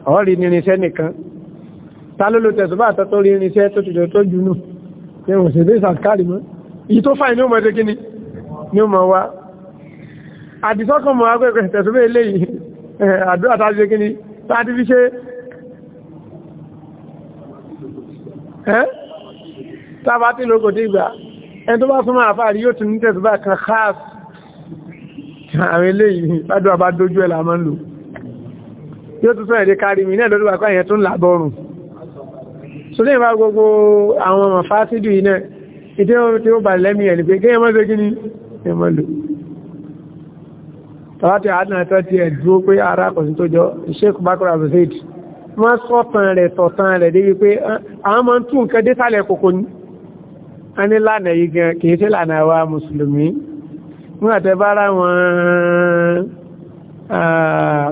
ó ẹni tí ó tálólò tẹ̀sùbá àtọ́tọ́ rí irinṣẹ́ tó tìjọ tó jùnú ní òun sì dé sàkárì mọ́ èyí tó fàì ní ọmọ ẹ̀dẹ́ kíní ní ọmọ wa àdìsọ́kàn mọ́ agbẹ́gbẹ́ tẹ̀sùbá eléyìí àdúrà tàbí kíní tàbí fi ṣe ẹ́ tàbá tí lókò tí gbà ẹni tó bá súnmọ́ àfáàrí yóò tún ní tẹ̀sùbá kan káàs àwọn eléyìí ládùn àbá dojú ẹ̀ làmọ́ lò yóò tún sọ èdè kárí mi náà lọ́dún àkọ́ àyẹ̀ tún sọlẹ́ ìbá gbogbo àwọn ọmọ fásitì iná ìdí wọn tí ó bà lẹ́mí ẹ̀ ní pé kí ẹmọ́ sókí ní ẹmọ́ ara kọ̀sí tó jọ Sheikh Bakar Abdulsaid wọ́n sọ́tàn rẹ̀ tọ̀tàn rẹ̀ débi pé ah, àwọn máa ń tún nǹkan dé sálẹ̀ kòkó ní a ní lánàá yìí gan kìí sí lánàá wa mùsùlùmí nígbàtẹ́ bára wọn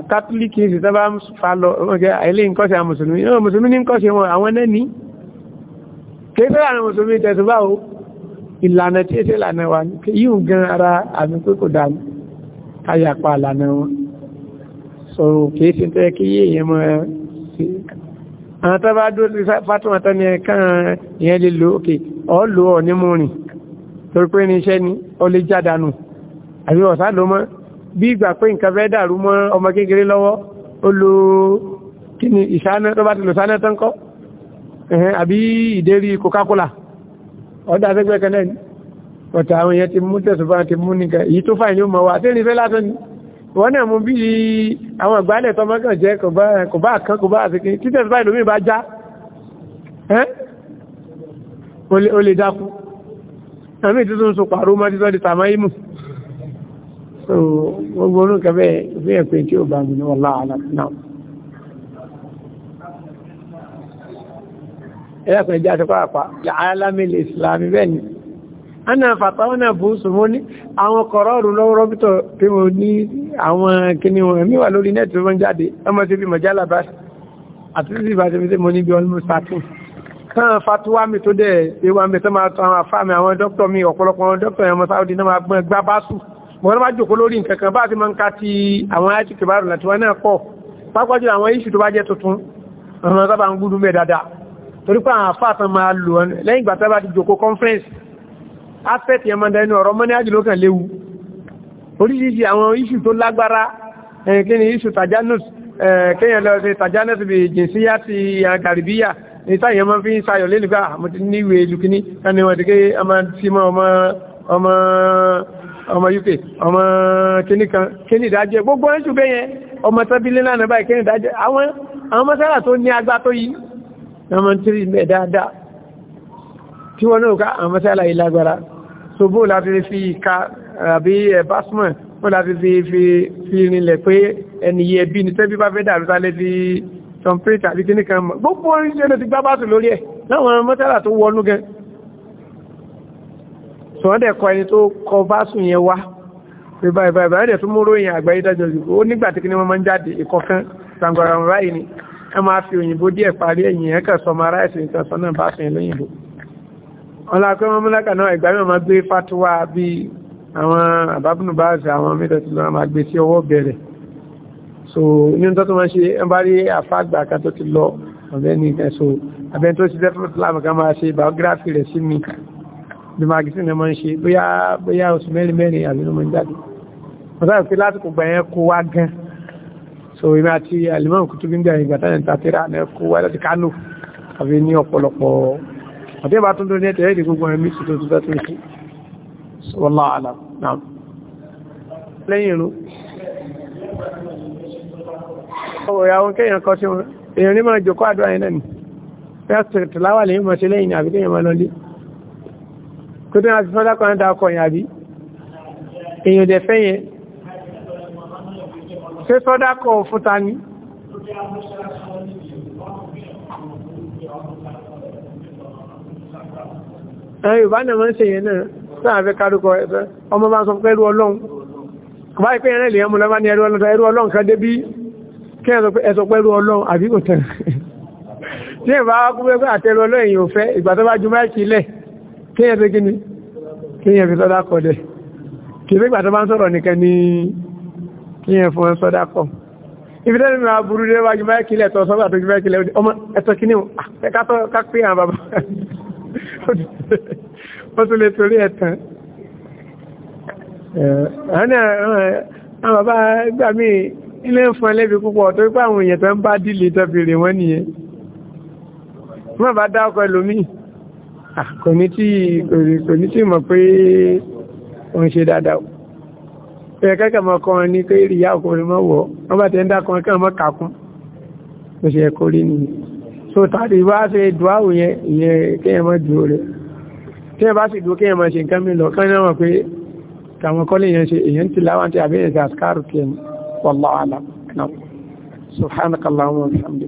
kátólíkì ní sábà ń fa lọ ọjọ́ ilé ìkọ́sí àwọn mùsùlùmí náà mùsùlùmí ní kọ́sí wọn àwọn náà ní kéèkéé àwọn mùsùlùmí tẹ̀sùbá o ìlànà tí èsè ìlànà wà yíò gan ara àmì pé kò dáa káyàpá ìlànà wọn so kìí sí tẹ́ kí yí èyàn mọ́ àwọn bí ìgbà pé nǹkan fẹ́ dàrú mọ́ ọmọ kékeré lọ́wọ́ ó lo kí ni ìṣáná tó bá ti lò sáná tán kọ́ ẹ̀hẹ́n àbí ìdérí coca-cola ọ̀dà sẹ́gbẹ́ kan náà ni ọ̀tà àwọn èèyàn ti mú tẹ̀sùbá ti mú nìkan èyí tó fàyè ní ó mọ̀ wá tẹ́lẹ̀ fẹ́ látọ́ ni wọ́n náà mú bí àwọn ìgbálẹ̀ tó mọ́kàn jẹ́ so gbogbo orúkẹ bẹ́ẹ̀ fi ẹ̀pẹ̀ tí ó bá mi ní wọ́n láàrín náà ẹlẹ́kùnrin jẹ́ àtẹ́kọ́ àpá alámìlì ìsìlámi bẹ́ẹ̀ ni a náà fàtà wọ́n náà bú sùn mọ́ ní àwọn kọ̀rọ̀rù lọ́wọ́ rọ́bítọ̀ pé mo ní àwọn kíní wọn èmi wà lórí nẹ́ẹ̀tì wọ́n jáde ọmọ tí bí mọ̀jálà bá àti tí bá ti fi mo ní bí almost thirteen kan fatuwa mi tó dẹ̀ ewa mi tó máa tọ àwọn àfáà mi àwọn dókítọ̀ mi ọ̀pọ̀lọpọ̀ dókítọ̀ yẹn ọmọ sáwọ́dì náà máa gbọ́n gbá bá mọ̀rán bá jòkó lórí nǹkan kan bá ti máa ń ká ti àwọn ayájú kìbárù láti wọn náà pọ̀ pápájú àwọn iṣu tó bá jẹ́ tuntun àwọn ọ̀sán bá ń gúdú mẹ́ dáadáa torí pé àwọn afá tán máa lò ọ́n lẹ́yìn ìgbà tá bá ti jòkó conference aspect yẹn máa dẹnu ọ̀rọ̀ mọ́ní ájì lókàn léwu oríṣiríṣi àwọn iṣu tó lágbára eh, kí ni iṣu tajanus eh, kéèyàn lọ sí tajanus bí jìnsíyá ti gàrìbíyà ní táyẹ̀ máa fi ń sayọ̀ lẹ́nu ọmọ ọmọ UK ọmọ kìnnìkan kìnnìdájẹ́ gbogbo ẹ́ṣù bẹ́ yẹn ọmọ tẹ́bílẹ̀ lánàá báyìí kìnnìdájẹ́ àwọn àwọn mọ́sára tó ní agbá tó yí ọmọ tírí ilẹ̀ dáadáa tí wọ́n náà ká àwọn mọ́sára ìlágbára so bó láti fi ka àbí basman bó láti fi fi rinlẹ̀ pé ẹni yẹ bí ni tẹ́bí bá fẹ́ dàrú sálẹ̀ fi tọ̀mpẹ́tà sọ̀rọ̀ dẹ̀ kọ ẹni tó kọ báṣù yẹn wá ìbá ìbá ìbá ẹ̀dẹ̀ tó múrò yẹn àgbáyé dájọ́ ìbò ó nígbà tí kí ni wọ́n máa jáde ìkọ̀kan gbàngbàrà wọn báyìí ni ẹ máa fi òyìnbó díẹ̀ parí ẹ̀yìn ẹ̀kà sọmọ ará ẹ̀sìn nǹkan sọ náà báṣù yẹn lóyìnbó ọlọ́pẹ́ wọn múlákà náà ìgbà mìíràn máa gbé fatuwa bí àwọn àbábùnú báàzì àwọn mẹ́tọ̀ tí sí ọwọ́ so ní tó tó máa ṣe ẹ bá rí bí magazine máa ń ṣe bóyá bóyá oṣù mẹ́rin mẹ́rin àmì ló máa ń jáde wọ́n sáà pé lásìkò gbà yẹn kó wá gan so èmi àti alimọ́n kùtù bí ń gbẹ̀yìn ìgbà táyẹ̀ ń tàtẹ́rà ní ẹkọ wá láti kánò àbí ní ọ̀pọ̀lọpọ̀ àti ìbá tó ń dún ní ẹ̀tẹ̀ ẹ̀dì gbogbo ẹ̀mí tó tó tó tó ṣe sọ́lá àlà náà lẹ́yìn ìlú máa jòkó àdúrà yẹn ni fẹ́ẹ́ tìláwà lè mọ̀ sí lẹ́yìn àbí máa lọ tó tó ń àti sọ́dá kan dá ọkọ̀ yàbí èyàn dẹ̀ fẹ́ yẹn ṣe sọ́dá kọ̀ fúta ní ẹ̀yìn ìbá náà máa ń ṣe yẹn náà sáà fẹ́ kárúkọ ẹ̀fẹ́ ọmọ bá sọ pé ẹrú ọlọ́run kọ̀bá ìpé ẹ̀rẹ́ lè ẹmú lọ́bá ní ẹrú ọlọ́run ẹrú ọlọ́run tí ìbá wá kú pé àtẹrú èyàn ò fẹ́ ìgbà tó bá ju máìkì kéèyàn fi gíní kéèyàn fi sọ́dá kọ̀ dẹ̀ kì í fi gbàtọ́ bá ń sọ̀rọ̀ nìkan ní kéèyàn fún sọ́dá kọ̀ ibi tẹ́lẹ̀ mi aburú dé wájú báyìí kílẹ̀ tọ́ sọ́gbà tó jùlọ kílẹ̀ ọmọ ẹ̀tọ́ kí ní ẹ̀kátọ́ kápẹ́ àwọn bàbá ó tún lè torí ẹ̀tàn ilé ń fún ẹlẹ́bi púpọ̀ tó pé àwọn èèyàn tó ń bá dìlì tọ́bìrì wọ́n nìyẹn wọ́n bá dá ọkọ̀ ẹlòmíì kò ní tí mọ̀ pé òun ṣe dáadáa ẹ̀ kẹ́kẹ́ mọ́ kan ní pé ìyá ọkùnrin mọ́ wọ́ wọ́n bá tẹ́ ń dákan kẹ́ mọ́ kàkún mo ṣe ẹ̀kọ́ rí nìyí so tàbí bá ṣe dùáwò yẹn ìyẹn kẹ́yẹ mọ́ dùó rẹ̀ tí ẹ bá sì dùó kẹ́yẹ mọ́ ṣe nǹkan mi lọ kán náà pé kàwọn kọ́lé yẹn ṣe èyàn ti láwọn tí àbẹ́yẹn ṣe àṣkárù kẹ́yẹ wallahu a'lam subhanakallahumma wa